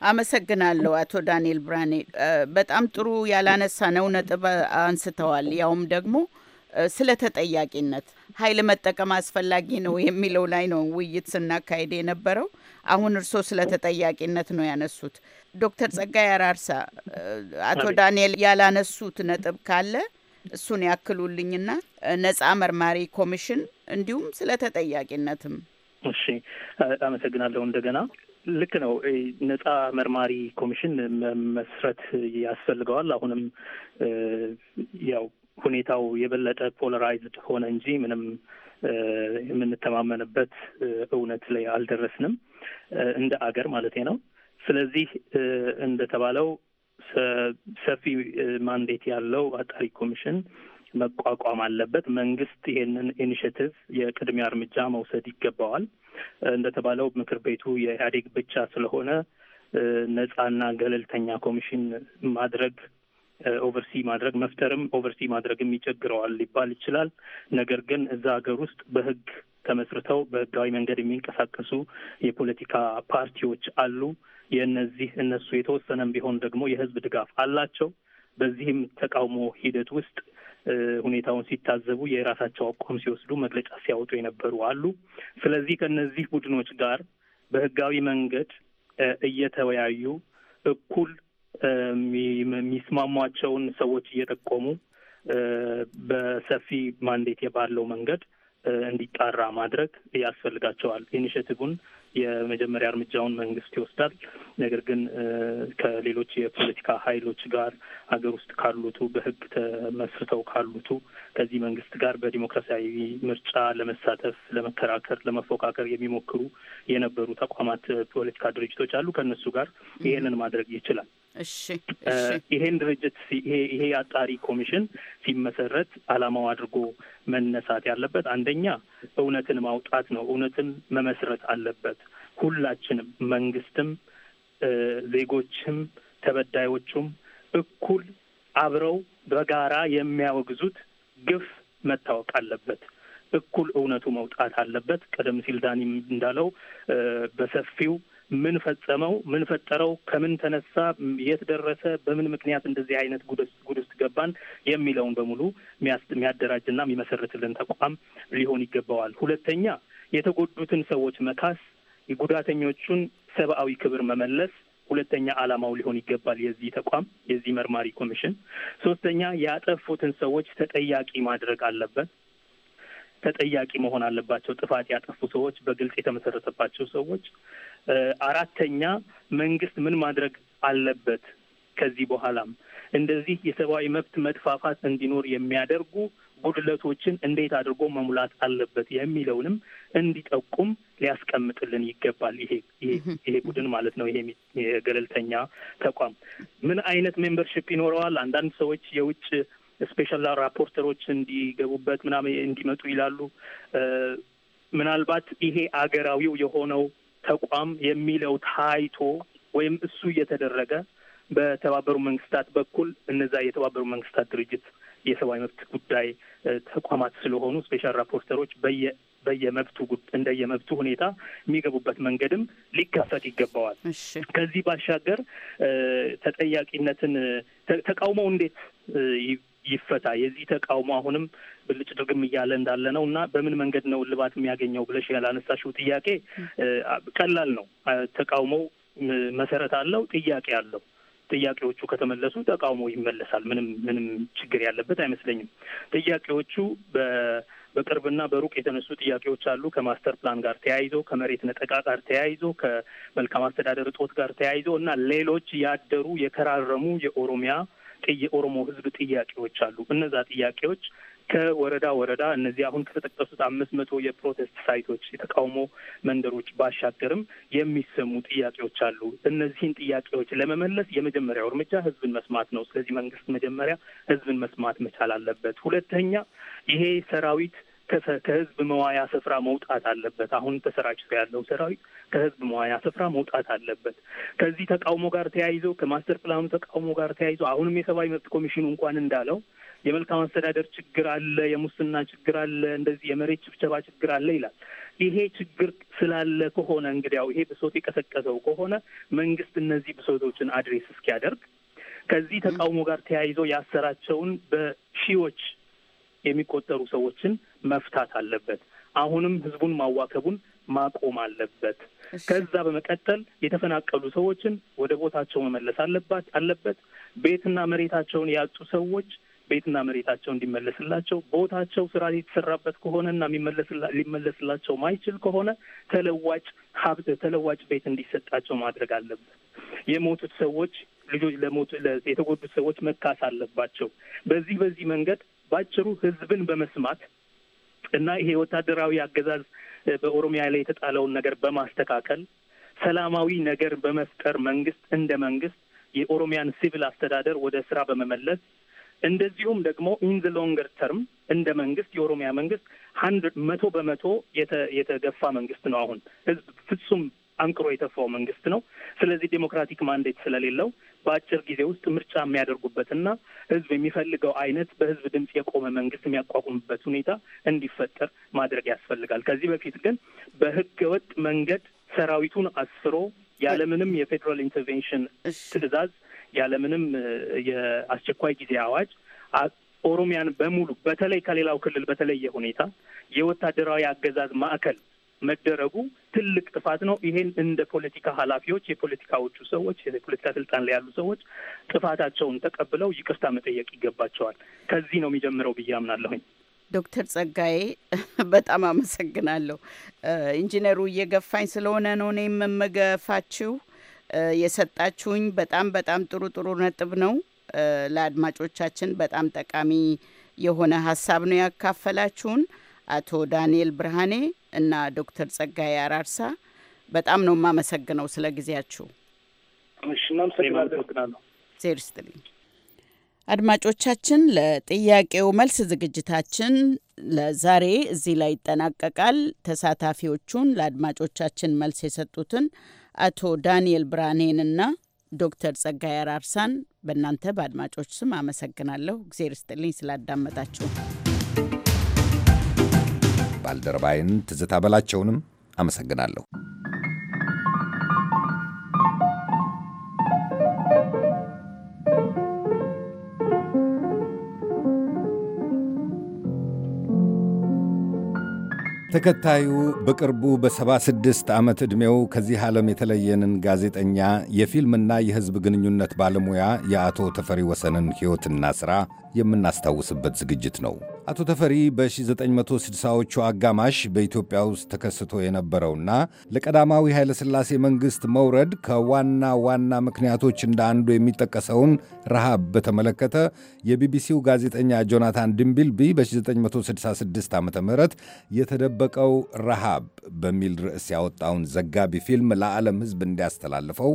አመሰግናለሁ አቶ ዳንኤል ብርሃኔ። በጣም ጥሩ ያላነሳ ነው ነጥብ አንስተዋል። ያውም ደግሞ ስለ ተጠያቂነት ኃይል መጠቀም አስፈላጊ ነው የሚለው ላይ ነው ውይይት ስናካሄድ የነበረው። አሁን እርስዎ ስለ ተጠያቂነት ነው ያነሱት። ዶክተር ጸጋይ አራርሳ አቶ ዳንኤል ያላነሱት ነጥብ ካለ እሱን ያክሉልኝና ነጻ መርማሪ ኮሚሽን እንዲሁም ስለ ተጠያቂነትም።
እሺ፣ አመሰግናለሁ እንደገና ልክ ነው። ነጻ መርማሪ ኮሚሽን መመስረት ያስፈልገዋል። አሁንም ያው ሁኔታው የበለጠ ፖለራይዝድ ሆነ እንጂ ምንም የምንተማመንበት እውነት ላይ አልደረስንም እንደ አገር ማለት ነው። ስለዚህ እንደተባለው ሰፊ ማንዴት ያለው አጣሪ ኮሚሽን መቋቋም አለበት። መንግስት ይሄንን ኢኒሽቲቭ የቅድሚያ እርምጃ መውሰድ ይገባዋል። እንደተባለው ምክር ቤቱ የኢህአዴግ ብቻ ስለሆነ ነጻና ገለልተኛ ኮሚሽን ማድረግ ኦቨርሲ ማድረግ መፍተርም ኦቨርሲ ማድረግም ይቸግረዋል ሊባል ይችላል። ነገር ግን እዛ ሀገር ውስጥ በህግ ተመስርተው በህጋዊ መንገድ የሚንቀሳቀሱ የፖለቲካ ፓርቲዎች አሉ። የእነዚህ እነሱ የተወሰነም ቢሆን ደግሞ የህዝብ ድጋፍ አላቸው። በዚህም ተቃውሞ ሂደት ውስጥ ሁኔታውን ሲታዘቡ የራሳቸው አቋም ሲወስዱ መግለጫ ሲያወጡ የነበሩ አሉ። ስለዚህ ከእነዚህ ቡድኖች ጋር በህጋዊ መንገድ እየተወያዩ እኩል የሚስማሟቸውን ሰዎች እየጠቆሙ በሰፊ ማንዴት ባለው መንገድ እንዲጣራ ማድረግ ያስፈልጋቸዋል። ኢኒሽቲቭን የመጀመሪያ እርምጃውን መንግስት ይወስዳል። ነገር ግን ከሌሎች የፖለቲካ ኃይሎች ጋር ሀገር ውስጥ ካሉቱ በህግ ተመስርተው ካሉቱ ከዚህ መንግስት ጋር በዲሞክራሲያዊ ምርጫ ለመሳተፍ፣ ለመከራከር፣ ለመፎካከር የሚሞክሩ የነበሩ ተቋማት፣ ፖለቲካ ድርጅቶች አሉ። ከእነሱ ጋር ይህንን ማድረግ ይችላል። ይሄን ድርጅት ይሄ አጣሪ ኮሚሽን ሲመሰረት አላማው አድርጎ መነሳት ያለበት አንደኛ እውነትን ማውጣት ነው። እውነትን መመስረት አለበት። ሁላችንም መንግስትም፣ ዜጎችም፣ ተበዳዮቹም እኩል አብረው በጋራ የሚያወግዙት ግፍ መታወቅ አለበት። እኩል እውነቱ መውጣት አለበት። ቀደም ሲል ዳኒም እንዳለው በሰፊው ምን ፈጸመው? ምን ፈጠረው? ከምን ተነሳ? የት ደረሰ? በምን ምክንያት እንደዚህ አይነት ጉድ ውስጥ ገባን? የሚለውን በሙሉ የሚያደራጅና የሚመሰርትልን ተቋም ሊሆን ይገባዋል። ሁለተኛ የተጎዱትን ሰዎች መካስ፣ የጉዳተኞቹን ሰብአዊ ክብር መመለስ ሁለተኛ ዓላማው ሊሆን ይገባል የዚህ ተቋም የዚህ መርማሪ ኮሚሽን። ሶስተኛ ያጠፉትን ሰዎች ተጠያቂ ማድረግ አለበት። ተጠያቂ መሆን አለባቸው። ጥፋት ያጠፉ ሰዎች፣ በግልጽ የተመሰረተባቸው ሰዎች። አራተኛ መንግስት ምን ማድረግ አለበት? ከዚህ በኋላም እንደዚህ የሰብአዊ መብት መጥፋፋት እንዲኖር የሚያደርጉ ጉድለቶችን እንዴት አድርጎ መሙላት አለበት የሚለውንም እንዲጠቁም ሊያስቀምጥልን ይገባል። ይሄ ይሄ ቡድን ማለት ነው። ይሄ የገለልተኛ ተቋም ምን አይነት ሜምበርሽፕ ይኖረዋል? አንዳንድ ሰዎች የውጭ ስፔሻል ራፖርተሮች እንዲገቡበት ምናምን እንዲመጡ ይላሉ። ምናልባት ይሄ አገራዊው የሆነው ተቋም የሚለው ታይቶ ወይም እሱ እየተደረገ በተባበሩ መንግስታት በኩል እነዛ የተባበሩ መንግስታት ድርጅት የሰብአዊ መብት ጉዳይ ተቋማት ስለሆኑ ስፔሻል ራፖርተሮች በየ በየመብቱ እንደየመብቱ ሁኔታ የሚገቡበት መንገድም ሊከፈት ይገባዋል። ከዚህ ባሻገር ተጠያቂነትን ተቃውሞው እንዴት ይፈታ። የዚህ ተቃውሞ አሁንም ብልጭ ድርግም እያለ እንዳለ ነው እና በምን መንገድ ነው እልባት የሚያገኘው ብለሽ ያላነሳሽው ጥያቄ ቀላል ነው። ተቃውሞው መሰረት አለው፣ ጥያቄ አለው። ጥያቄዎቹ ከተመለሱ ተቃውሞ ይመለሳል። ምንም ምንም ችግር ያለበት አይመስለኝም። ጥያቄዎቹ በቅርብና በሩቅ የተነሱ ጥያቄዎች አሉ። ከማስተር ፕላን ጋር ተያይዞ፣ ከመሬት ነጠቃ ጋር ተያይዞ፣ ከመልካም አስተዳደር እጦት ጋር ተያይዞ እና ሌሎች ያደሩ የከራረሙ የኦሮሚያ የኦሮሞ ህዝብ ጥያቄዎች አሉ። እነዛ ጥያቄዎች ከወረዳ ወረዳ እነዚህ አሁን ከተጠቀሱት አምስት መቶ የፕሮቴስት ሳይቶች የተቃውሞ መንደሮች ባሻገርም የሚሰሙ ጥያቄዎች አሉ። እነዚህን ጥያቄዎች ለመመለስ የመጀመሪያው እርምጃ ህዝብን መስማት ነው። ስለዚህ መንግስት መጀመሪያ ህዝብን መስማት መቻል አለበት። ሁለተኛ ይሄ ሰራዊት ከህዝብ መዋያ ስፍራ መውጣት አለበት። አሁን ተሰራጭቶ ያለው ሰራዊት ከህዝብ መዋያ ስፍራ መውጣት አለበት። ከዚህ ተቃውሞ ጋር ተያይዞ ከማስተር ፕላኑ ተቃውሞ ጋር ተያይዞ አሁንም የሰብአዊ መብት ኮሚሽኑ እንኳን እንዳለው የመልካም አስተዳደር ችግር አለ፣ የሙስና ችግር አለ፣ እንደዚህ የመሬት ጭብጨባ ችግር አለ ይላል። ይሄ ችግር ስላለ ከሆነ እንግዲያው ይሄ ብሶት የቀሰቀሰው ከሆነ መንግስት እነዚህ ብሶቶችን አድሬስ እስኪያደርግ ከዚህ ተቃውሞ ጋር ተያይዞ ያሰራቸውን በሺዎች የሚቆጠሩ ሰዎችን መፍታት አለበት። አሁንም ህዝቡን ማዋከቡን ማቆም አለበት። ከዛ በመቀጠል የተፈናቀሉ ሰዎችን ወደ ቦታቸው መመለስ አለባት አለበት። ቤትና መሬታቸውን ያጡ ሰዎች ቤትና መሬታቸው እንዲመለስላቸው ቦታቸው ስራ የተሰራበት ከሆነና ሊመለስላቸው ማይችል ከሆነ ተለዋጭ ሀብት ተለዋጭ ቤት እንዲሰጣቸው ማድረግ አለበት። የሞቱት ሰዎች ልጆች ለሞቱ የተጎዱት ሰዎች መካስ አለባቸው። በዚህ በዚህ መንገድ ባጭሩ ህዝብን በመስማት እና ይሄ ወታደራዊ አገዛዝ በኦሮሚያ ላይ የተጣለውን ነገር በማስተካከል ሰላማዊ ነገር በመፍጠር መንግስት እንደ መንግስት የኦሮሚያን ሲቪል አስተዳደር ወደ ስራ በመመለስ እንደዚሁም ደግሞ ኢን ዘ ሎንገር ተርም እንደ መንግስት የኦሮሚያ መንግስት ሀንድርድ መቶ በመቶ የተገፋ መንግስት ነው። አሁን ህዝብ ፍጹም አንቅሮ የተፋው መንግስት ነው። ስለዚህ ዴሞክራቲክ ማንዴት ስለሌለው በአጭር ጊዜ ውስጥ ምርጫ የሚያደርጉበትና ህዝብ የሚፈልገው አይነት በህዝብ ድምፅ የቆመ መንግስት የሚያቋቁምበት ሁኔታ እንዲፈጠር ማድረግ ያስፈልጋል። ከዚህ በፊት ግን በህገወጥ መንገድ ሰራዊቱን አስፍሮ ያለምንም የፌዴራል ኢንተርቬንሽን ትዕዛዝ ያለምንም የአስቸኳይ ጊዜ አዋጅ ኦሮሚያን በሙሉ በተለይ ከሌላው ክልል በተለየ ሁኔታ የወታደራዊ አገዛዝ ማዕከል መደረጉ ትልቅ ጥፋት ነው። ይሄን እንደ ፖለቲካ ኃላፊዎች የፖለቲካዎቹ ሰዎች የፖለቲካ ስልጣን ላይ ያሉ ሰዎች ጥፋታቸውን ተቀብለው ይቅርታ መጠየቅ ይገባቸዋል። ከዚህ ነው የሚጀምረው ብዬ አምናለሁኝ።
ዶክተር ጸጋዬ <laughs> በጣም አመሰግናለሁ። ኢንጂነሩ እየገፋኝ ስለሆነ ነው እኔ የምመገፋችሁ። የሰጣችሁኝ በጣም በጣም ጥሩ ጥሩ ነጥብ ነው። ለአድማጮቻችን በጣም ጠቃሚ የሆነ ሀሳብ ነው ያካፈላችሁን አቶ ዳንኤል ብርሃኔ እና ዶክተር ጸጋዬ አራርሳ በጣም ነው የማመሰግነው ስለ ጊዜያችሁ። ዜር ይስጥልኝ። አድማጮቻችን፣ ለጥያቄው መልስ ዝግጅታችን ለዛሬ እዚህ ላይ ይጠናቀቃል። ተሳታፊዎቹን ለአድማጮቻችን መልስ የሰጡትን አቶ ዳንኤል ብርሃኔንና ዶክተር ጸጋዬ አራርሳን በእናንተ በአድማጮች ስም አመሰግናለሁ። እግዜር ይስጥልኝ ስላዳመጣችሁ።
ባልደረባይን ትዝታ በላቸውንም አመሰግናለሁ። ተከታዩ በቅርቡ በ76 ዓመት ዕድሜው ከዚህ ዓለም የተለየንን ጋዜጠኛ የፊልምና የሕዝብ ግንኙነት ባለሙያ የአቶ ተፈሪ ወሰንን ሕይወትና ሥራ የምናስታውስበት ዝግጅት ነው። አቶ ተፈሪ በ1960ዎቹ አጋማሽ በኢትዮጵያ ውስጥ ተከስቶ የነበረውና ለቀዳማዊ ኃይለሥላሴ መንግሥት መውረድ ከዋና ዋና ምክንያቶች እንደ አንዱ የሚጠቀሰውን ረሃብ በተመለከተ የቢቢሲው ጋዜጠኛ ጆናታን ድምቢልቢ በ1966 ዓ ም የተደበቀው ረሃብ በሚል ርዕስ ያወጣውን ዘጋቢ ፊልም ለዓለም ሕዝብ እንዲያስተላልፈው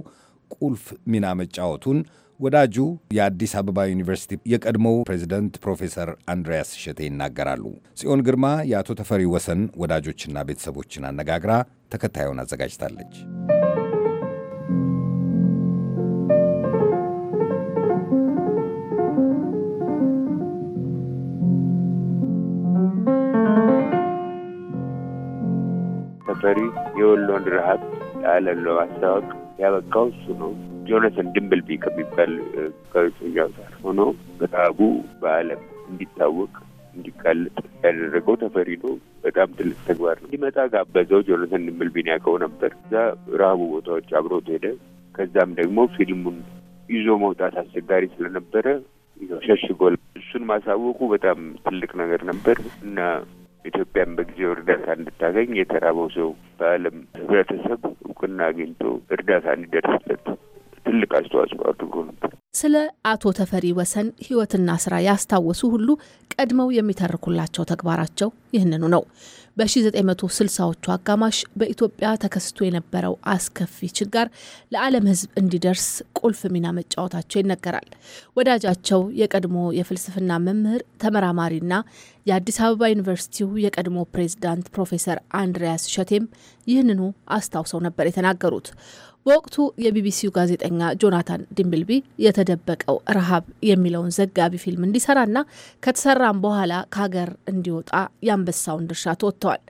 ቁልፍ ሚና መጫወቱን ወዳጁ የአዲስ አበባ ዩኒቨርሲቲ የቀድሞው ፕሬዚደንት ፕሮፌሰር አንድሪያስ እሸቴ ይናገራሉ። ጽዮን ግርማ የአቶ ተፈሪ ወሰን ወዳጆችና ቤተሰቦችን አነጋግራ ተከታዩን አዘጋጅታለች።
ተፈሪ የወሎን ረሃብ ያለለው አስታወቅ ያበቃው እሱ ነው። ጆነተን ድምብልቢ ከሚባል ጋዜጠኛ ጋር ሆኖ በጣቡ በዓለም እንዲታወቅ እንዲጋለጥ ያደረገው ተፈሪ ነው። በጣም ትልቅ ተግባር ነው። እንዲመጣ ጋበዘው። ጆናተን ድምብልቢን ያውቀው ነበር። እዛ ረሃቡ ቦታዎች አብሮት ሄደ። ከዛም ደግሞ ፊልሙን ይዞ መውጣት አስቸጋሪ ስለነበረ ሸሽጎ እሱን ማሳወቁ በጣም ትልቅ ነገር ነበር እና ኢትዮጵያን በጊዜው እርዳታ እንድታገኝ የተራበው ሰው በዓለም ህብረተሰብ እውቅና አግኝቶ እርዳታ እንዲደርስለት ትልቅ አስተዋጽኦ አድርጎ
ነበር። ስለ አቶ ተፈሪ ወሰን ህይወትና ስራ ያስታወሱ ሁሉ ቀድመው የሚተርኩላቸው ተግባራቸው ይህንኑ ነው። በ1960ዎቹ አጋማሽ በኢትዮጵያ ተከስቶ የነበረው አስከፊ ችጋር ለዓለም ህዝብ እንዲደርስ ቁልፍ ሚና መጫወታቸው ይነገራል። ወዳጃቸው የቀድሞ የፍልስፍና መምህር ተመራማሪና የአዲስ አበባ ዩኒቨርሲቲው የቀድሞ ፕሬዝዳንት ፕሮፌሰር አንድሪያስ ሸቴም ይህንኑ አስታውሰው ነበር የተናገሩት። በወቅቱ የቢቢሲው ጋዜጠኛ ጆናታን ዲምብልቢ የተደበቀው ረሃብ የሚለውን ዘጋቢ ፊልም እንዲሰራና ከተሰራም በኋላ ከሀገር እንዲወጣ የአንበሳውን ድርሻ ተወጥተዋል።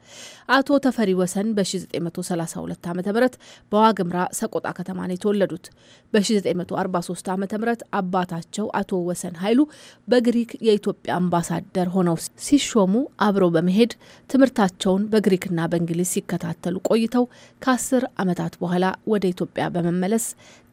አቶ ተፈሪ ወሰን በ1932 ዓ ም በዋግምራ ሰቆጣ ከተማ ነው የተወለዱት። በ1943 ዓ ም አባታቸው አቶ ወሰን ኃይሉ በግሪክ የኢትዮጵያ አምባሳደር ሆነው ሲሾሙ አብረው በመሄድ ትምህርታቸውን በግሪክና በእንግሊዝ ሲከታተሉ ቆይተው ከአስር ዓመታት በኋላ ወደ ኢትዮጵያ በመመለስ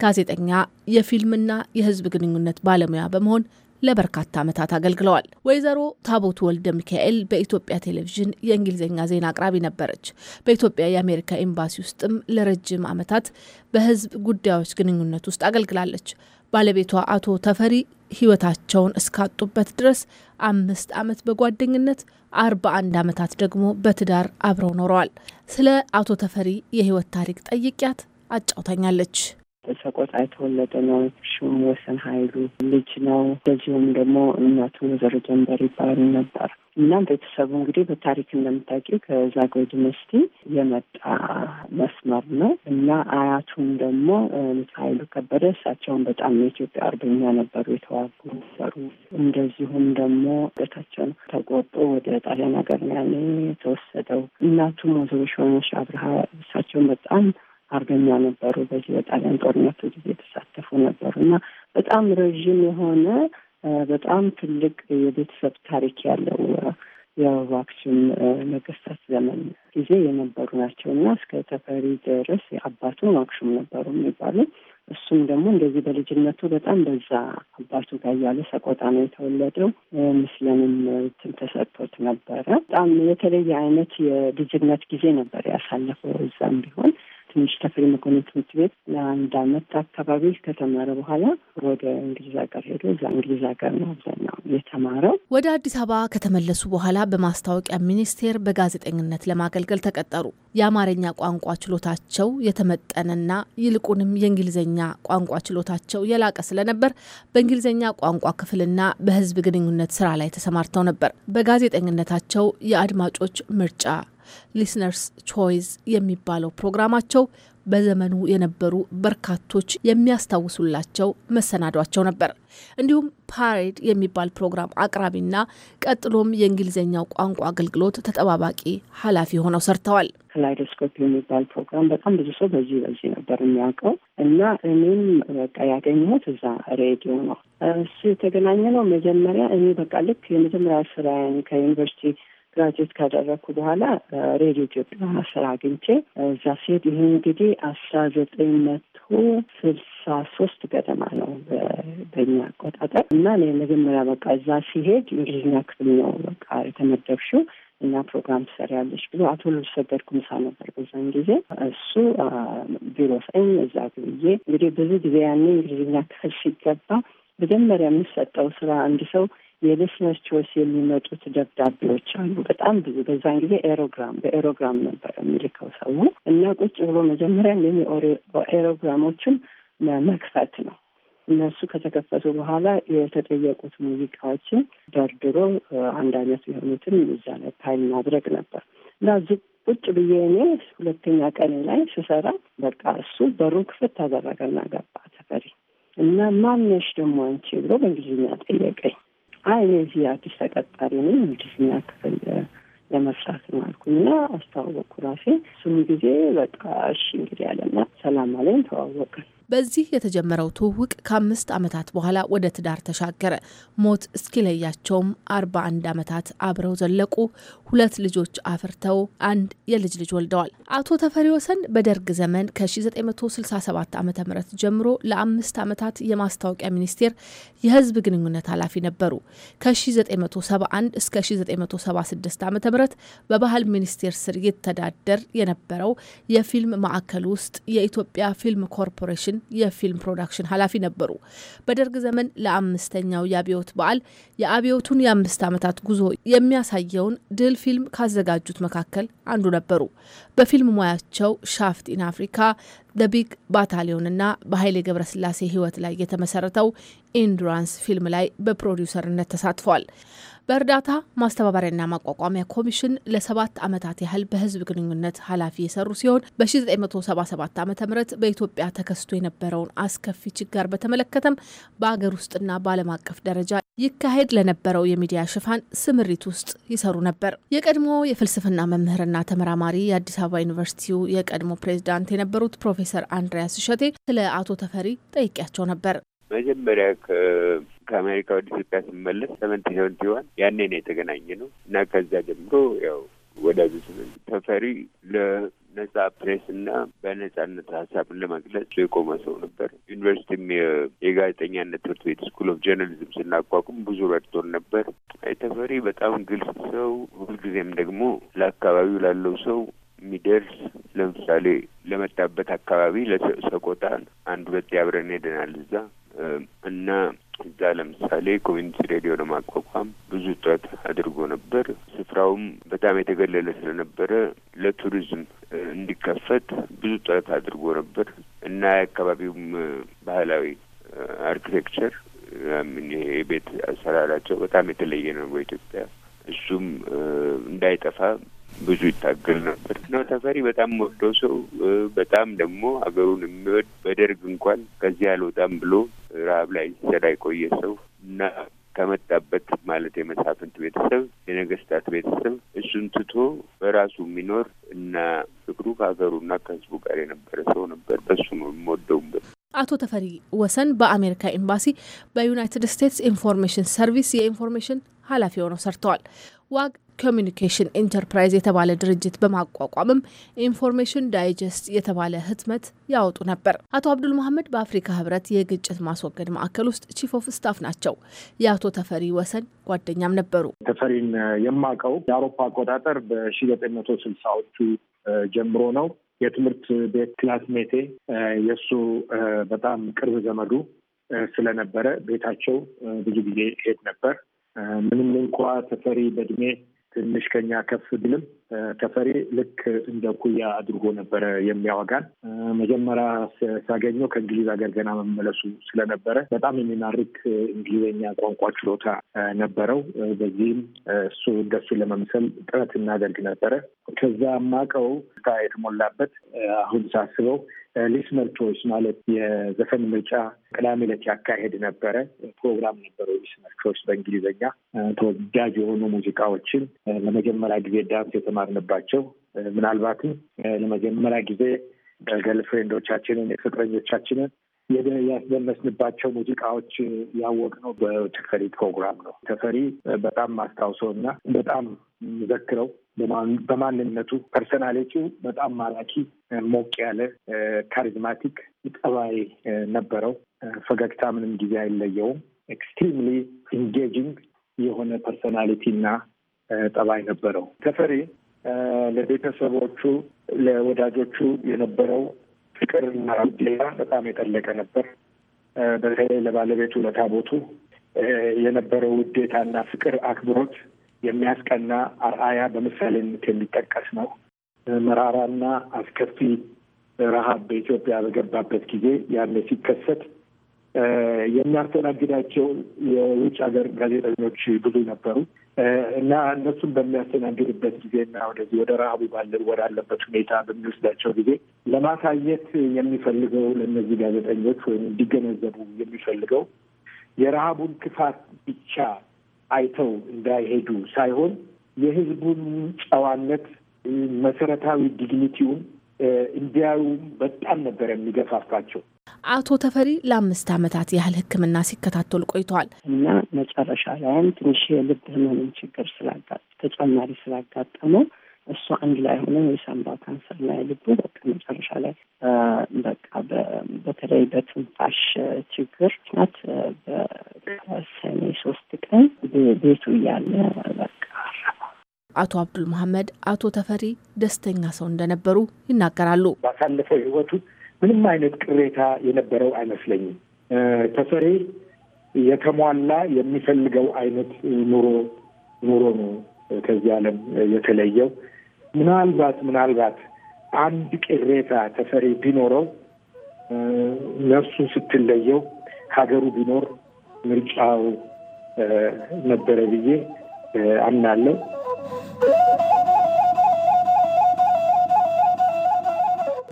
ጋዜጠኛ፣ የፊልምና የህዝብ ግንኙነት ባለሙያ በመሆን ለበርካታ ዓመታት አገልግለዋል። ወይዘሮ ታቦት ወልደ ሚካኤል በኢትዮጵያ ቴሌቪዥን የእንግሊዝኛ ዜና አቅራቢ ነበረች። በኢትዮጵያ የአሜሪካ ኤምባሲ ውስጥም ለረጅም ዓመታት በሕዝብ ጉዳዮች ግንኙነት ውስጥ አገልግላለች። ባለቤቷ አቶ ተፈሪ ሕይወታቸውን እስካጡበት ድረስ አምስት ዓመት በጓደኝነት አርባ አንድ ዓመታት ደግሞ በትዳር አብረው ኖረዋል። ስለ አቶ ተፈሪ የሕይወት ታሪክ ጠይቂያት አጫውታኛለች።
ሰቆጣ የተወለደ ነው። ሹም ወሰን ኃይሉ ልጅ ነው። በዚሁም ደግሞ እናቱ ወይዘሮ ጀንበር ይባሉ ነበር እና ቤተሰቡ እንግዲህ በታሪክ እንደምታውቂው ከዛጎ ዩኒቨርሲቲ የመጣ መስመር ነው እና አያቱም ደግሞ ኃይሉ ከበደ እሳቸውን በጣም የኢትዮጵያ አርበኛ ነበሩ፣ የተዋጉ ነበሩ። እንደዚሁም ደግሞ ገታቸውን ተቆጦ ወደ ጣሊያን ሀገር ነው ያኔ የተወሰደው። እናቱም ወይዘሮ ሾነሽ አብርሃ እሳቸውን በጣም አርበኛ ነበሩ። በዚህ በጣሊያን ጦርነቱ ጊዜ የተሳተፉ ነበሩ እና በጣም ረዥም የሆነ በጣም ትልቅ የቤተሰብ ታሪክ ያለው የአክሱም ነገስታት ዘመን ጊዜ የነበሩ ናቸው እና እስከ ተፈሪ ድረስ አባቱ አክሱም ነበሩ የሚባሉ እሱም ደግሞ እንደዚህ በልጅነቱ በጣም በዛ አባቱ ጋር ያለ ሰቆጣ ነው የተወለደው። ምስለንም እንትን ተሰጥቶት ነበረ። በጣም የተለየ አይነት የልጅነት ጊዜ ነበር ያሳለፈው እዛም ቢሆን ትንሽ ተክል መኮንን ትምህርት ቤት ለአንድ አመት አካባቢ ከተማረ በኋላ ወደ እንግሊዝ ሀገር ሄዶ እዛ እንግሊዝ ሀገር ነው አብዛኛው የተማረው።
ወደ አዲስ አበባ ከተመለሱ በኋላ በማስታወቂያ ሚኒስቴር በጋዜጠኝነት ለማገልገል ተቀጠሩ። የአማርኛ ቋንቋ ችሎታቸው የተመጠነና ይልቁንም የእንግሊዝኛ ቋንቋ ችሎታቸው የላቀ ስለነበር በእንግሊዝኛ ቋንቋ ክፍልና በሕዝብ ግንኙነት ስራ ላይ ተሰማርተው ነበር። በጋዜጠኝነታቸው የአድማጮች ምርጫ ሊስነርስ ቾይስ የሚባለው ፕሮግራማቸው በዘመኑ የነበሩ በርካቶች የሚያስታውሱላቸው መሰናዷቸው ነበር። እንዲሁም ፓሬድ የሚባል ፕሮግራም አቅራቢና ቀጥሎም የእንግሊዝኛው ቋንቋ አገልግሎት ተጠባባቂ ኃላፊ ሆነው ሰርተዋል። ክላይዶስኮፕ
የሚባል ፕሮግራም በጣም ብዙ ሰው በዚህ በዚህ ነበር የሚያውቀው እና እኔም በቃ ያገኘሁት እዛ ሬዲዮ ነው። እሱ የተገናኘ ነው መጀመሪያ እኔ በቃ ልክ የመጀመሪያ ስራን ከዩኒቨርሲቲ ግራጁዌት ካደረግኩ በኋላ ሬዲዮ ኢትዮጵያ ስራ አግኝቼ እዛ ሴት ይህ እንግዲህ አስራ ዘጠኝ መቶ ስልሳ ሶስት ገደማ ነው በኛ አቆጣጠር እና እኔ መጀመሪያ በቃ እዛ ሲሄድ እንግሊዝኛ ክፍል ነው በቃ የተመደብሽው እና ፕሮግራም ትሰሪያለች ብሎ አቶ ልሰገድ ኩምሳ ነበር በዛን ጊዜ እሱ ቢሮ ሰኝ እዛ ግብዬ እንግዲህ ብዙ ጊዜ ያኔ እንግሊዝኛ ክፍል ሲገባ መጀመሪያ የምሰጠው ስራ አንድ ሰው የሊስነስ ቾይስ የሚመጡት ደብዳቤዎች አሉ። በጣም ብዙ በዛን ጊዜ ኤሮግራም በኤሮግራም ነበር የሚልከው ሰው እና ቁጭ ብሎ መጀመሪያ የሚ ኤሮግራሞችን መክፈት ነው። እነሱ ከተከፈቱ በኋላ የተጠየቁት ሙዚቃዎችን ደርድሮ አንድ አይነት የሆኑትን እዛ ላይ ፓይል ማድረግ ነበር እና እዚ ቁጭ ብዬ እኔ ሁለተኛ ቀኔ ላይ ስሰራ በቃ እሱ በሩ ክፍት ታደረገና ገባ ተፈሪ እና ማነሽ ደግሞ አንቺ ብሎ በእንግሊዝኛ ጠየቀኝ። አይ እዚህ አዲስ ተቀጣሪ ነኝ እንግሊዝኛ ክፍል ለመስራት ነው አልኩኝ እና አስተዋወቅኩ ራሴ። እሱም ጊዜ በቃ እሺ እንግዲህ ያለና ሰላም አለኝ ተዋወቅን።
በዚህ የተጀመረው ትውውቅ ከአምስት ዓመታት በኋላ ወደ ትዳር ተሻገረ። ሞት እስኪለያቸውም 41 ዓመታት አብረው ዘለቁ። ሁለት ልጆች አፍርተው አንድ የልጅ ልጅ ወልደዋል። አቶ ተፈሪ ወሰን በደርግ ዘመን ከ1967 ዓ ም ጀምሮ ለአምስት ዓመታት የማስታወቂያ ሚኒስቴር የህዝብ ግንኙነት ኃላፊ ነበሩ። ከ1971 እስከ 1976 ዓ ም በባህል ሚኒስቴር ስር ይተዳደር የነበረው የፊልም ማዕከል ውስጥ የኢትዮጵያ ፊልም ኮርፖሬሽን የፊልም ፕሮዳክሽን ኃላፊ ነበሩ። በደርግ ዘመን ለአምስተኛው የአብዮት በዓል የአብዮቱን የአምስት ዓመታት ጉዞ የሚያሳየውን ድል ፊልም ካዘጋጁት መካከል አንዱ ነበሩ። በፊልም ሙያቸው ሻፍት ኢን አፍሪካ፣ ዘ ቢግ እና በኃይሌ ገብረስላሴ ህይወት ላይ የተመሰረተው ኢንዱራንስ ፊልም ላይ በፕሮዲውሰርነት ተሳትፏል። በእርዳታ ማስተባበሪያና ማቋቋሚያ ኮሚሽን ለሰባት ዓመታት ያህል በህዝብ ግንኙነት ኃላፊ የሰሩ ሲሆን በ1977 ዓ ም በኢትዮጵያ ተከስቶ የነበረውን አስከፊ ችጋር በተመለከተም በአገር ውስጥና በዓለም አቀፍ ደረጃ ይካሄድ ለነበረው የሚዲያ ሽፋን ስምሪት ውስጥ ይሰሩ ነበር። የቀድሞ የፍልስፍና መምህርና ተመራማሪ የአዲስ አበባ ዩኒቨርሲቲው የቀድሞ ፕሬዚዳንት የነበሩት ፕሮፌሰር አንድሪያስ እሸቴ ስለ አቶ ተፈሪ ጠይቄያቸው ነበር።
መጀመሪያ ከአሜሪካ ወደ ኢትዮጵያ ስመለስ ሰቨንቲ ሰቨንቲ ዋን ያኔ ነው የተገናኘ ነው እና ከዛ ጀምሮ ያው ወዳጆች ነን። ተፈሪ ለነጻ ፕሬስ እና በነጻነት ሀሳብን ለመግለጽ የቆመ ሰው ነበር። ዩኒቨርሲቲም የጋዜጠኛነት ትምህርት ቤት ስኩል ኦፍ ጀርናሊዝም ስናቋቁም ብዙ ረድቶን ነበር። ተፈሪ በጣም ግልጽ ሰው፣ ሁልጊዜም ደግሞ ለአካባቢው ላለው ሰው የሚደርስ ለምሳሌ ለመጣበት አካባቢ ለሰቆጣ አንድ ሁለት ያብረን ሄደናል እዛ እና እዛ ለምሳሌ ኮሚኒቲ ሬዲዮ ለማቋቋም ብዙ ጥረት አድርጎ ነበር። ስፍራውም በጣም የተገለለ ስለነበረ ለቱሪዝም እንዲከፈት ብዙ ጥረት አድርጎ ነበር እና የአካባቢውም ባህላዊ አርኪቴክቸር የቤት አሰራራቸው በጣም የተለየ ነው በኢትዮጵያ። እሱም እንዳይጠፋ ብዙ ይታገል ነበር ነው ተፈሪ በጣም ወዶ ሰው በጣም ደግሞ ሀገሩን የሚወድ በደርግ እንኳን ከዚህ አልወጣም ብሎ ረሀብ ላይ ሰዳ የቆየ ሰው እና ከመጣበት ማለት የመሳፍንት ቤተሰብ የነገስታት ቤተሰብ እሱን ትቶ በራሱ የሚኖር እና ፍቅሩ ከሀገሩና ከህዝቡ ጋር የነበረ ሰው ነበር። በሱ ነው የምወደውበት።
አቶ ተፈሪ ወሰን በአሜሪካ ኤምባሲ በዩናይትድ ስቴትስ ኢንፎርሜሽን ሰርቪስ የኢንፎርሜሽን ኃላፊ ሆነው ሰርተዋል። ዋግ ኮሚኒኬሽን ኢንተርፕራይዝ የተባለ ድርጅት በማቋቋምም ኢንፎርሜሽን ዳይጀስት የተባለ ህትመት ያወጡ ነበር። አቶ አብዱል መሐመድ በአፍሪካ ህብረት የግጭት ማስወገድ ማዕከል ውስጥ ቺፍ ኦፍ ስታፍ ናቸው። የአቶ ተፈሪ ወሰን ጓደኛም ነበሩ።
ተፈሪን የማቀው የአውሮፓ አቆጣጠር በሺ ዘጠኝ መቶ ስልሳዎቹ ጀምሮ ነው። የትምህርት ቤት ክላስሜቴ የእሱ በጣም ቅርብ ዘመዱ ስለነበረ ቤታቸው ብዙ ጊዜ ሄድ ነበር። ምንም እንኳ ተፈሪ በእድሜ ትንሽ ከኛ ከፍ ብልም ተፈሪ ልክ እንደ ኩያ አድርጎ ነበረ የሚያወጋን። መጀመሪያ ሲያገኘው ከእንግሊዝ ሀገር ገና መመለሱ ስለነበረ በጣም የሚማርክ እንግሊዝኛ ቋንቋ ችሎታ ነበረው። በዚህም እሱ እንደሱ ለመምሰል ጥረት እናደርግ ነበረ። ከዛ ማቀው የተሞላበት አሁን ሳስበው ሊስነር ቾይስ ማለት የዘፈን ምርጫ ቅዳሜ ዕለት ያካሄድ ነበረ። ፕሮግራም ነበረው ሊስነር ቾይስ በእንግሊዝኛ ተወዳጅ የሆኑ ሙዚቃዎችን ለመጀመሪያ ጊዜ ዳንስ የተማርንባቸው ምናልባትም ለመጀመሪያ ጊዜ ገርልፍሬንዶቻችንን የፍቅረኞቻችንን ያስደመስንባቸው ሙዚቃዎች ያወቅነው በተፈሪ ፕሮግራም ነው። ተፈሪ በጣም ማስታውሰው እና በጣም ዘክረው በማንነቱ ፐርሰናሊቲው በጣም ማራኪ፣ ሞቅ ያለ፣ ካሪዝማቲክ ጠባይ ነበረው። ፈገግታ ምንም ጊዜ አይለየውም። ኤክስትሪምሊ ኢንጌጂንግ የሆነ ፐርሰናሊቲ እና ጠባይ ነበረው። ተፈሪ ለቤተሰቦቹ ለወዳጆቹ የነበረው ፍቅርና ሌላ በጣም የጠለቀ ነበር። በተለይ ለባለቤቱ ለታቦቱ የነበረው ውዴታና ፍቅር፣ አክብሮት የሚያስቀና አርአያ በምሳሌነት የሚጠቀስ ነው። መራራና አስከፊ ረሃብ በኢትዮጵያ በገባበት ጊዜ ያለ ሲከሰት የሚያስተናግዳቸው የውጭ ሀገር ጋዜጠኞች ብዙ ነበሩ እና እነሱን በሚያስተናግድበት እና ወደዚህ ወደ ረሃቡ ባለ ወዳለበት ሁኔታ በሚወስዳቸው ጊዜ ለማሳየት የሚፈልገው ለእነዚህ ጋዜጠኞች ወይም እንዲገነዘቡ የሚፈልገው የረሃቡን ክፋት ብቻ አይተው እንዳይሄዱ ሳይሆን የህዝቡን ጨዋነት፣ መሰረታዊ ዲግኒቲውን እንዲያዩም በጣም ነበር የሚገፋፋቸው።
አቶ ተፈሪ ለአምስት ዓመታት ያህል ሕክምና ሲከታተሉ ቆይተዋል
እና መጨረሻ ላይም ትንሽ የልብ ህመምን ችግር ስላጋ ተጨማሪ ስላጋጠመው እሱ አንድ ላይ ሆነ የሳምባ ላይ ልቡ በቃ መጨረሻ ላይ በቃ በተለይ በትንፋሽ ችግር ምክንያት በሰኔ ሶስት ቀን ቤቱ እያለ በቃ
አቶ አብዱል መሐመድ አቶ ተፈሪ ደስተኛ ሰው እንደነበሩ ይናገራሉ።
ባሳለፈው ህይወቱ ምንም አይነት ቅሬታ የነበረው አይመስለኝም። ተፈሪ የተሟላ የሚፈልገው አይነት ኑሮ ኑሮ ነው ከዚህ ዓለም የተለየው ምናልባት ምናልባት አንድ ቅሬታ ተፈሪ ቢኖረው ነፍሱ ስትለየው ሀገሩ ቢኖር ምርጫው ነበረ ብዬ አምናለሁ።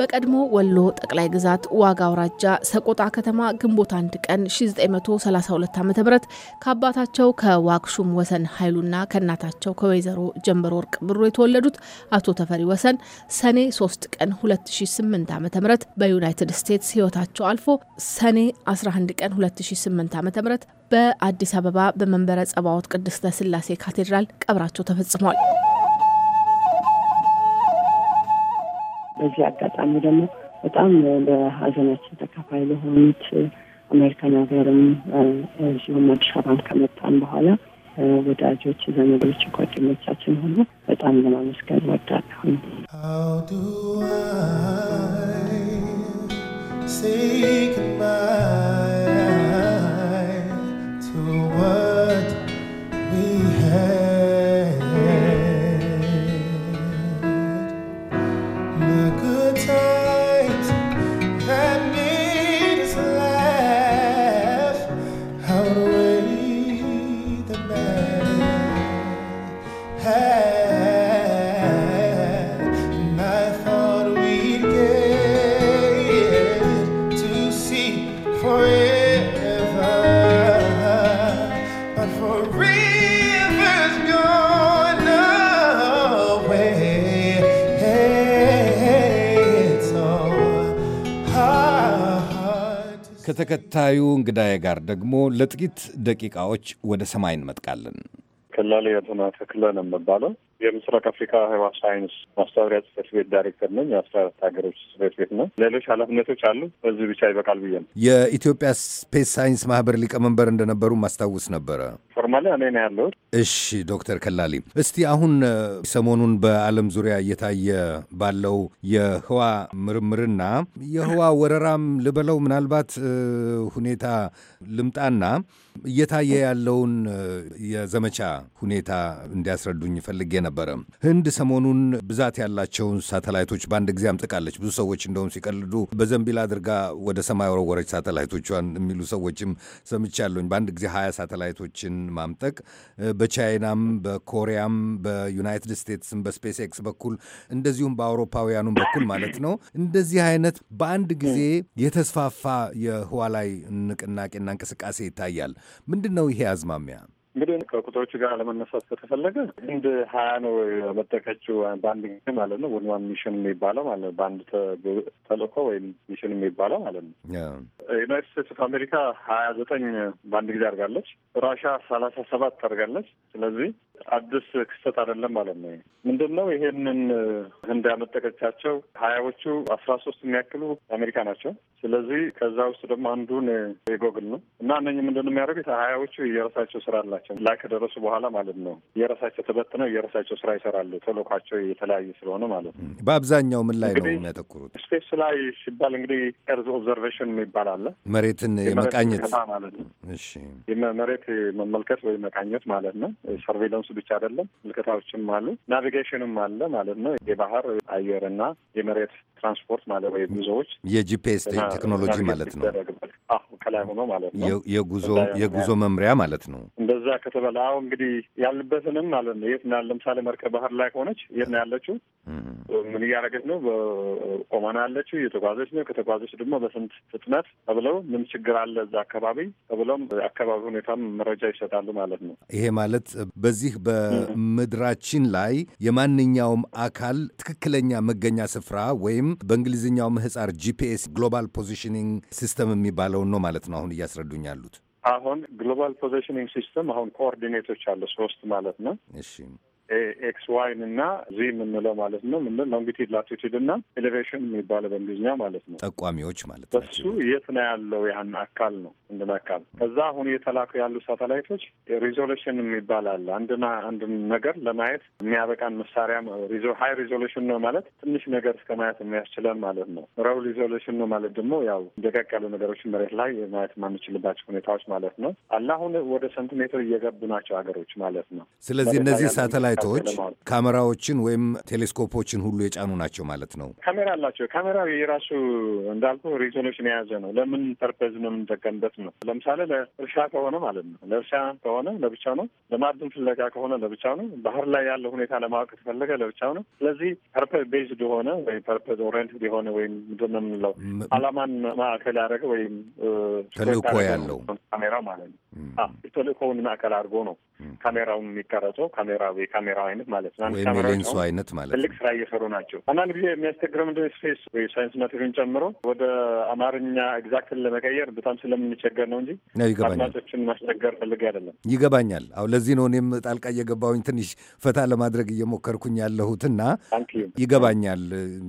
በቀድሞ ወሎ ጠቅላይ ግዛት ዋጋ አውራጃ ሰቆጣ ከተማ ግንቦት አንድ ቀን 1932 ዓ ም ከአባታቸው ከዋክሹም ወሰን ኃይሉና ከእናታቸው ከወይዘሮ ጀንበር ወርቅ ብሩ የተወለዱት አቶ ተፈሪ ወሰን ሰኔ 3 ቀን 2008 ዓ ም በዩናይትድ ስቴትስ ህይወታቸው አልፎ ሰኔ 11 ቀን 2008 ዓ ም በአዲስ አበባ በመንበረ ጸባዖት ቅድስተ ስላሴ ካቴድራል ቀብራቸው ተፈጽሟል።
በዚህ አጋጣሚ ደግሞ በጣም በሀዘናችን ተካፋይ ለሆኑት አሜሪካን ሀገርም እዚሁም አዲስ አበባን ከመጣን በኋላ ወዳጆች፣ ዘመዶች፣ ጓደኞቻችን ሁሉ በጣም ለማመስገን ወዳለሁኝ።
Say goodbye to what
ከተከታዩ እንግዳዬ ጋር ደግሞ ለጥቂት ደቂቃዎች ወደ ሰማይ እንመጥቃለን።
ከላሌ አቶና ተክለ ነው የምባለው የምስራቅ አፍሪካ ህዋ ሳይንስ ማስተባበሪያ ጽህፈት ቤት ዳይሬክተር ነኝ። የአስራ አራት ሀገሮች ጽህፈት ቤት ነው። ሌሎች ኃላፊነቶች አሉ። በዚህ ብቻ ይበቃል ብዬ ነው።
የኢትዮጵያ ስፔስ ሳይንስ ማህበር ሊቀመንበር እንደነበሩ ማስታውስ ነበረ።
ፎርማሊ እኔ ነው ያለሁት።
እሺ ዶክተር ከላሊ እስቲ አሁን ሰሞኑን በዓለም ዙሪያ እየታየ ባለው የህዋ ምርምርና የህዋ ወረራም ልበለው ምናልባት ሁኔታ ልምጣና እየታየ ያለውን የዘመቻ ሁኔታ እንዲያስረዱኝ ፈልጌ ነበር። ነበረ። ህንድ ሰሞኑን ብዛት ያላቸውን ሳተላይቶች በአንድ ጊዜ አምጥቃለች። ብዙ ሰዎች እንደውም ሲቀልዱ በዘንቢላ አድርጋ ወደ ሰማይ ወረወረች ሳተላይቶቿን የሚሉ ሰዎችም ሰምቻለሁኝ። በአንድ ጊዜ ሀያ ሳተላይቶችን ማምጠቅ በቻይናም በኮሪያም በዩናይትድ ስቴትስም በስፔስ ኤክስ በኩል እንደዚሁም በአውሮፓውያኑም በኩል ማለት ነው። እንደዚህ አይነት በአንድ ጊዜ የተስፋፋ የህዋ ላይ ንቅናቄና እንቅስቃሴ ይታያል። ምንድን ነው ይሄ አዝማሚያ?
እንግዲህ ከቁጥሮቹ ጋር ለመነሳት ከተፈለገ ህንድ ሀያ ነው የመጠቀችው በአንድ ጊዜ ማለት ነው። ወንዋን ሚሽን የሚባለው ማለት ነው። በአንድ ተልእኮ ወይም ሚሽን የሚባለው ማለት ነው። ዩናይትድ ስቴትስ ኦፍ አሜሪካ ሀያ ዘጠኝ በአንድ ጊዜ አድርጋለች። ራሻ ሰላሳ ሰባት አድርጋለች። ስለዚህ አዲስ ክስተት አይደለም ማለት ነው። ምንድን ነው ይሄንን ህንድ ያመጠቀቻቸው ሀያዎቹ አስራ ሶስት የሚያክሉ አሜሪካ ናቸው። ስለዚህ ከዛ ውስጥ ደግሞ አንዱን የጎግል ነው እና እነኝህ ምንድን ነው የሚያደርጉት ሀያዎቹ የራሳቸው ስራ አላቸው ላይ ከደረሱ በኋላ ማለት ነው የራሳቸው ተበትነው የራሳቸው ስራ ይሰራሉ። ተልዕኳቸው የተለያዩ ስለሆነ ማለት ነው።
በአብዛኛው ምን ላይ ነው የሚያተኩሩት?
ስፔስ ላይ ሲባል እንግዲህ ኤርዝ ኦብዘርቬሽን የሚባል አለ።
መሬትን የመቃኘት
ማለት ነው። መሬት መመልከት ወይ መቃኘት ማለት ነው። ሰርቬይለንስ ብቻ አይደለም፣ ምልከታዎችም አሉ፣ ናቪጌሽንም አለ ማለት ነው። የባህር አየርና የመሬት ትራንስፖርት ማለት ወይ ጉዞዎች
የጂፒኤስ ቴክኖሎጂ ማለት ነው።
ከላይ ሆኖ ማለት ነው።
የጉዞ የጉዞ መምሪያ ማለት ነው።
እንደዛ ከተበላ አሁ እንግዲህ ያልንበትንም ማለት ነው። የት ነው ለምሳሌ መርከብ ባህር ላይ ከሆነች የት ነው ያለችው? ምን እያደረገች ነው? ቆማና ያለችው እየተጓዘች ነው። ከተጓዘች ደግሞ በስንት ፍጥነት ተብለው ምን ችግር አለ እዛ አካባቢ ተብለውም አካባቢ ሁኔታም መረጃ ይሰጣሉ ማለት ነው።
ይሄ ማለት በዚህ በምድራችን ላይ የማንኛውም አካል ትክክለኛ መገኛ ስፍራ ወይም በእንግሊዝኛው ምህፃር ጂፒኤስ ግሎባል ፖዚሽኒንግ ሲስተም የሚባለውን ነው ማለት ነው አሁን እያስረዱኝ ያሉት።
አሁን ግሎባል ፖዚሽኒንግ ሲስተም አሁን ኮኦርዲኔቶች አለ ሶስት ማለት ነው። እሺ ኤክስ ዋይን እና ዚ የምንለው ማለት ነው። ምንድን ነው እንግዲህ ላቲቱድ እና ኤሌቬሽን የሚባለው በእንግሊዝኛ ማለት ነው።
ጠቋሚዎች ማለት
ነው። እሱ የት ነው ያለው? ያን አካል ነው እንድን አካል ከዛ አሁን እየተላኩ ያሉ ሳተላይቶች ሪዞሉሽን የሚባል አለ። አንድና አንድ ነገር ለማየት የሚያበቃን መሳሪያ ሀይ ሪዞሉሽን ነው ማለት ትንሽ ነገር እስከ ማየት የሚያስችለን ማለት ነው። ረው ሪዞሉሽን ነው ማለት ደግሞ ያው ደቀቅ ያሉ ነገሮችን መሬት ላይ ማየት የማንችልባቸው ሁኔታዎች ማለት ነው። አለ አሁን ወደ ሰንቲሜትር እየገቡ ናቸው ሀገሮች ማለት ነው።
ስለዚህ እነዚህ ሳተላይት ሮኬቶች ካሜራዎችን ወይም ቴሌስኮፖችን ሁሉ የጫኑ ናቸው ማለት ነው።
ካሜራ አላቸው። ካሜራው የራሱ እንዳልኩ ሪዞሉሽን የያዘ ነው። ለምን ፐርፐዝ ነው የምንጠቀምበት ነው። ለምሳሌ ለእርሻ ከሆነ ማለት ነው። ለእርሻ ከሆነ ለብቻ ነው። ለማዕድን ፍለጋ ከሆነ ለብቻ ነው። ባህር ላይ ያለ ሁኔታ ለማወቅ ከተፈለገ ለብቻው ነው። ስለዚህ ፐርፐዝ ቤዝድ የሆነ ወይም ፐርፐዝ ኦሪየንትድ የሆነ ወይም ምንድን ነው የምንለው አላማን ማዕከል ያደረገ ወይም ተልእኮ ያለው ካሜራ ማለት ነው። ተልእኮውን ማዕከል አድርጎ ነው ካሜራውን የሚቀረጸው ካሜራ ወይ ካሜራ ካሜራው አይነት ማለት ነው። ወይም የሌንሱ አይነት ማለት ትልቅ ስራ እየሰሩ ናቸው። አንዳንድ ጊዜ የሚያስቸግረው ምንድን ነው ስፔስ ወይ ሳይንስ ቴክኖሎጂን ጨምሮ ወደ አማርኛ ኤግዛክትን ለመቀየር በጣም ስለምንቸገር ነው እንጂ አድማጮችን ማስቸገር ፈልግ አይደለም።
ይገባኛል። አሁ ለዚህ ነው እኔም ጣልቃ እየገባሁኝ ትንሽ ፈታ ለማድረግ እየሞከርኩኝ ያለሁትና ይገባኛል።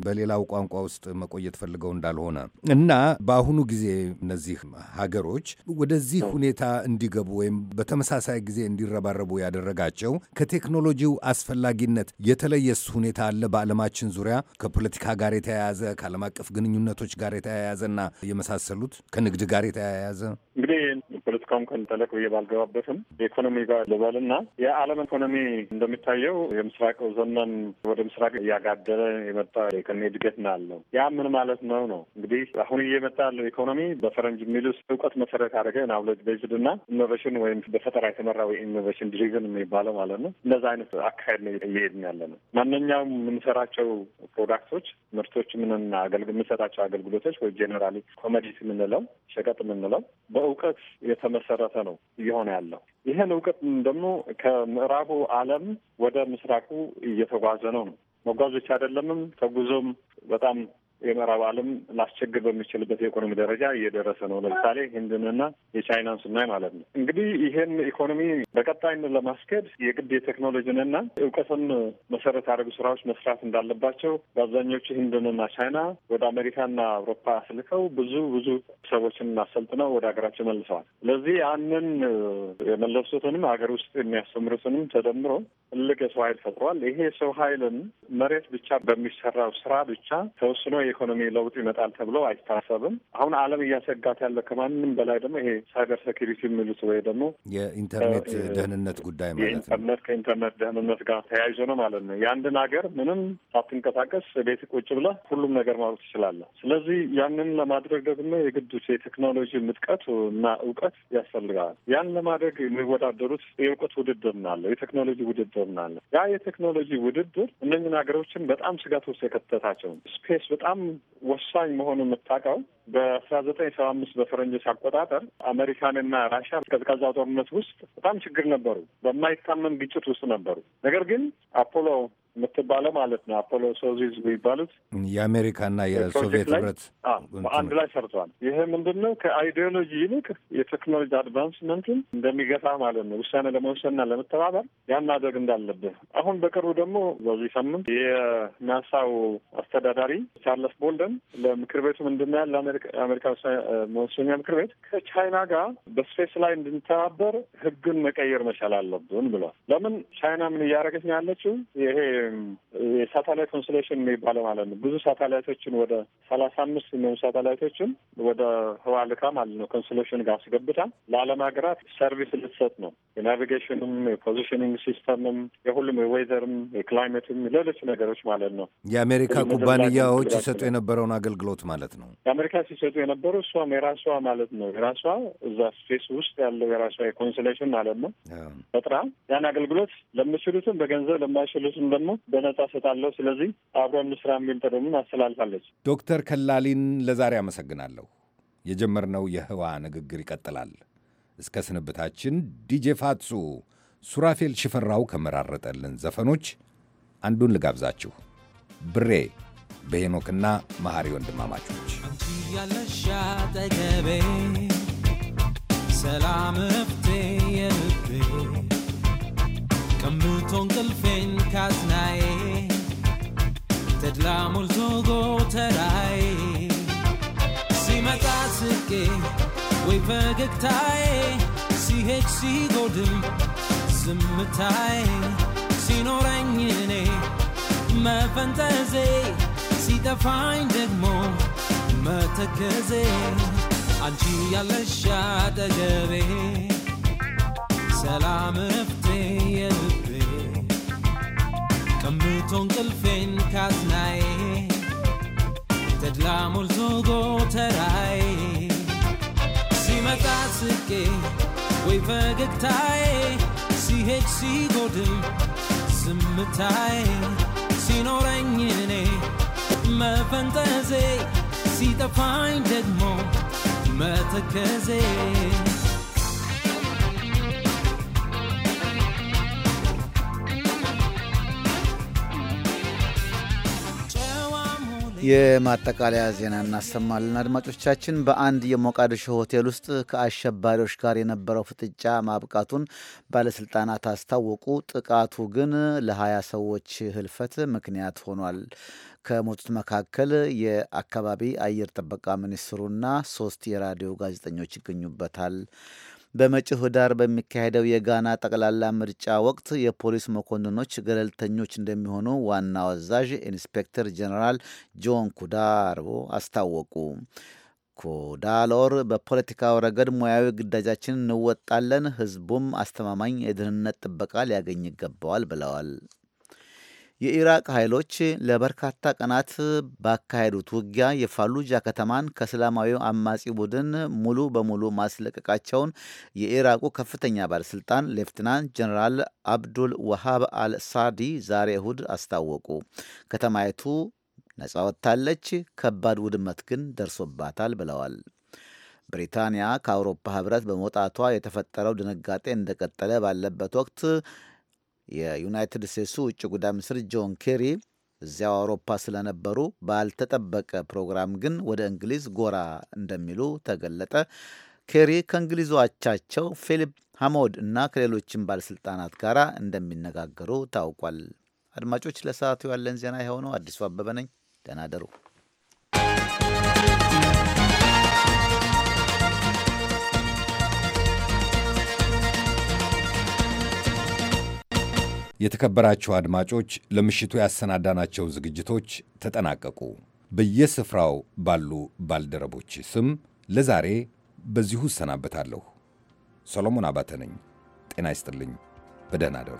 በሌላው ቋንቋ ውስጥ መቆየት ፈልገው እንዳልሆነ እና በአሁኑ ጊዜ እነዚህ ሀገሮች ወደዚህ ሁኔታ እንዲገቡ ወይም በተመሳሳይ ጊዜ እንዲረባረቡ ያደረጋቸው ከቴክኖሎጂ ቴክኖሎጂው አስፈላጊነት የተለየስ ሁኔታ አለ? በዓለማችን ዙሪያ ከፖለቲካ ጋር የተያያዘ ከዓለም አቀፍ ግንኙነቶች ጋር የተያያዘና የመሳሰሉት ከንግድ ጋር የተያያዘ
እንግዲህ ፖለቲካውን ከንጠለቅ ብዬ ባልገባበትም ኢኮኖሚ ጋር ልበልና የዓለም ኢኮኖሚ እንደሚታየው የምስራቅ ዘመን ወደ ምስራቅ እያጋደለ የመጣ ኢኮኖሚ እድገት ነው ያለው። ያ ምን ማለት ነው ነው እንግዲህ አሁን እየመጣ ያለው ኢኮኖሚ በፈረንጅ የሚሉስ እውቀት መሰረት ያደረገ ናውለጅ ቤዝድ እና ኢኖቬሽን ወይም በፈጠራ የተመራው ኢኖቬሽን ድሪቭን የሚባለው ማለት ነው። እነዚ አይነት አካሄድ ነው እየሄድን ያለ ነው። ማንኛውም የምንሰራቸው ፕሮዳክቶች ምርቶች፣ ምንና የምንሰጣቸው አገልግሎቶች ወይ ጄኔራሊ ኮመዲቲ የምንለው ሸቀጥ የምንለው በእውቀት የተመሰረተ ነው እየሆነ ያለው። ይህን እውቀት ደግሞ ከምዕራቡ ዓለም ወደ ምስራቁ እየተጓዘ ነው ነው መጓዞች አይደለምም ተጉዞም በጣም የምዕራብ ዓለም ላስቸግር በሚችልበት የኢኮኖሚ ደረጃ እየደረሰ ነው። ለምሳሌ ህንድንና የቻይናን ስናይ ማለት ነው። እንግዲህ ይሄን ኢኮኖሚ በቀጣይነት ለማስኬድ የግድ የቴክኖሎጂንና እውቀትን መሰረት ያደረጉ ስራዎች መስራት እንዳለባቸው በአብዛኞቹ ህንድንና ቻይና ወደ አሜሪካና አውሮፓ አስልከው ብዙ ብዙ ሰዎችን አሰልጥነው ወደ ሀገራቸው መልሰዋል። ስለዚህ ያንን የመለሱትንም ሀገር ውስጥ የሚያስተምሩትንም ተደምሮ ትልቅ የሰው ኃይል ፈጥሯል። ይሄ የሰው ኃይልን መሬት ብቻ በሚሰራው ስራ ብቻ ተወስኖ የኢኮኖሚ ለውጥ ይመጣል ተብሎ አይታሰብም። አሁን ዓለም እያሰጋት ያለ ከማንም በላይ ደግሞ ይሄ ሳይበር ሴኪሪቲ የሚሉት ወይ ደግሞ
የኢንተርኔት ደህንነት ጉዳይ ማለት ነው። የኢንተርኔት
ከኢንተርኔት ደህንነት ጋር ተያይዞ ነው ማለት ነው። የአንድን ሀገር ምንም ሳትንቀሳቀስ ቤት ቁጭ ብለህ ሁሉም ነገር ማወቅ ትችላለህ። ስለዚህ ያንን ለማድረግ ደግሞ የግድ የቴክኖሎጂ ምጥቀት እና እውቀት ያስፈልጋል። ያን ለማድረግ የሚወዳደሩት የእውቀት ውድድር ናለ፣ የቴክኖሎጂ ውድድር ናለ። ያ የቴክኖሎጂ ውድድር እነኝን ሀገሮችን በጣም ስጋት ውስጥ የከተታቸው ስፔስ በጣም ወሳኝ መሆኑን የምታውቀው በአስራ ዘጠኝ ሰባ አምስት በፈረንጆች አቆጣጠር አሜሪካንና ራሽያ ቀዝቃዛው ጦርነት ውስጥ በጣም ችግር ነበሩ። በማይታመን ግጭት ውስጥ ነበሩ። ነገር ግን አፖሎ የምትባለው ማለት ነው። አፖሎ ሶዚዝ የሚባሉት
የአሜሪካና የሶቪየት
ህብረት በአንድ ላይ ሰርተዋል። ይህ ምንድን ነው? ከአይዲዮሎጂ ይልቅ የቴክኖሎጂ አድቫንስመንትን እንደሚገፋ ማለት ነው። ውሳኔ ለመውሰንና ለመተባበር ያን ማድረግ እንዳለብህ። አሁን በቅርቡ ደግሞ በዚህ ሳምንት የናሳው አስተዳዳሪ ቻርለስ ቦልደን ለምክር ቤቱ ምንድን ያህል ለአሜሪካ መወሰኛ ምክር ቤት ከቻይና ጋር በስፔስ ላይ እንድንተባበር ህግን መቀየር መቻል አለብን ብሏል። ለምን ቻይና ምን እያደረገች ነው ያለችው ይሄ የሳተላይት ኮንስሌሽን የሚባለው ማለት ነው። ብዙ ሳተላይቶችን ወደ ሰላሳ አምስት የሚሆኑ ሳተላይቶችን ወደ ህዋ ልካ ማለት ነው። ኮንስሌሽን ጋር አስገብታ ለዓለም ሀገራት ሰርቪስ ልትሰጥ ነው። የናቪጌሽንም የፖዚሽኒንግ ሲስተምም የሁሉም የዌዘርም የክላይሜትም ሌሎች ነገሮች ማለት ነው። የአሜሪካ ኩባንያዎች ሲሰጡ
የነበረውን አገልግሎት ማለት ነው።
የአሜሪካ ሲሰጡ የነበሩ እሷም የራሷ ማለት ነው የራሷ እዛ ስፔስ ውስጥ ያለው የራሷ የኮንስሌሽን ማለት ነው ፈጥራ ያን አገልግሎት ለምችሉትም በገንዘብ ለማይችሉትም ደግሞ በነጻ ሰጣለሁ፣ ስለዚህ አብረን እንስራ የሚል ጥሪም አስተላልፋለች።
ዶክተር ከላሊን ለዛሬ አመሰግናለሁ። የጀመርነው የህዋ ንግግር ይቀጥላል። እስከ ስንብታችን ዲጄ ፋትሱ ሱራፌል ሽፈራው ከመራረጠልን ዘፈኖች አንዱን ልጋብዛችሁ። ብሬ በሄኖክና መሐሪ ወንድማማቾች
ሰላም la ሞልቶ ጎተራይ ሲመጣ ስቄ ወይ ፈገግታዬ ሲሄድ ሲጎድል ዝምታዬ ሲኖረኝ እኔ መፈንጠዜ ሲጠፋኝ ደግሞ መተከዜ አንቺ ያለሽ አጠገቤ ሰላም እፍቴ የል ቀምቶ እንቅልፌን ካዝናዬ ተድላ ሞልቶ ጎተራዬ ሲመጣ ስቄ ወይ ፈገግታዬ ሲሄድ ሲጎድል ዝምታዬ ሲኖረኝ እኔ መፈንጠዜ ሲጠፋኝ ደግሞ መተከዜ
የማጠቃለያ ዜና እናሰማለን። አድማጮቻችን፣ በአንድ የሞቃዲሾ ሆቴል ውስጥ ከአሸባሪዎች ጋር የነበረው ፍጥጫ ማብቃቱን ባለስልጣናት አስታወቁ። ጥቃቱ ግን ለሀያ ሰዎች ህልፈት ምክንያት ሆኗል። ከሞቱት መካከል የአካባቢ አየር ጥበቃ ሚኒስትሩና ሶስት የራዲዮ ጋዜጠኞች ይገኙበታል። በመጪው ህዳር በሚካሄደው የጋና ጠቅላላ ምርጫ ወቅት የፖሊስ መኮንኖች ገለልተኞች እንደሚሆኑ ዋና አዛዥ ኢንስፔክተር ጀኔራል ጆን ኩዳርቦ አስታወቁ። ኩዳሎር በፖለቲካው ረገድ ሙያዊ ግዳጃችን እንወጣለን፣ ህዝቡም አስተማማኝ የደህንነት ጥበቃ ሊያገኝ ይገባዋል ብለዋል። የኢራቅ ኃይሎች ለበርካታ ቀናት ባካሄዱት ውጊያ የፋሉጃ ከተማን ከሰላማዊ አማጺ ቡድን ሙሉ በሙሉ ማስለቀቃቸውን የኢራቁ ከፍተኛ ባለሥልጣን ሌፍትናንት ጀኔራል አብዱል ወሃብ አልሳዲ ዛሬ እሁድ አስታወቁ። ከተማይቱ ነጻ ወጥታለች፣ ከባድ ውድመት ግን ደርሶባታል ብለዋል። ብሪታንያ ከአውሮፓ ህብረት በመውጣቷ የተፈጠረው ድንጋጤ እንደቀጠለ ባለበት ወቅት የዩናይትድ ስቴትሱ ውጭ ጉዳይ ሚኒስትር ጆን ኬሪ እዚያው አውሮፓ ስለነበሩ ባልተጠበቀ ፕሮግራም ግን ወደ እንግሊዝ ጎራ እንደሚሉ ተገለጠ። ኬሪ ከእንግሊዙ አቻቸው ፊሊፕ ሃሞድ እና ከሌሎችም ባለሥልጣናት ጋር እንደሚነጋገሩ ታውቋል። አድማጮች፣ ለሰዓቱ ያለን ዜና የሆነው አዲሱ አበበ ነኝ። ደህና ደሩ።
የተከበራችሁ አድማጮች ለምሽቱ ያሰናዳናቸው ዝግጅቶች ተጠናቀቁ። በየስፍራው ባሉ ባልደረቦች ስም ለዛሬ በዚሁ እሰናበታለሁ። ሰሎሞን አባተ ነኝ። ጤና ይስጥልኝ። በደህና አደሩ።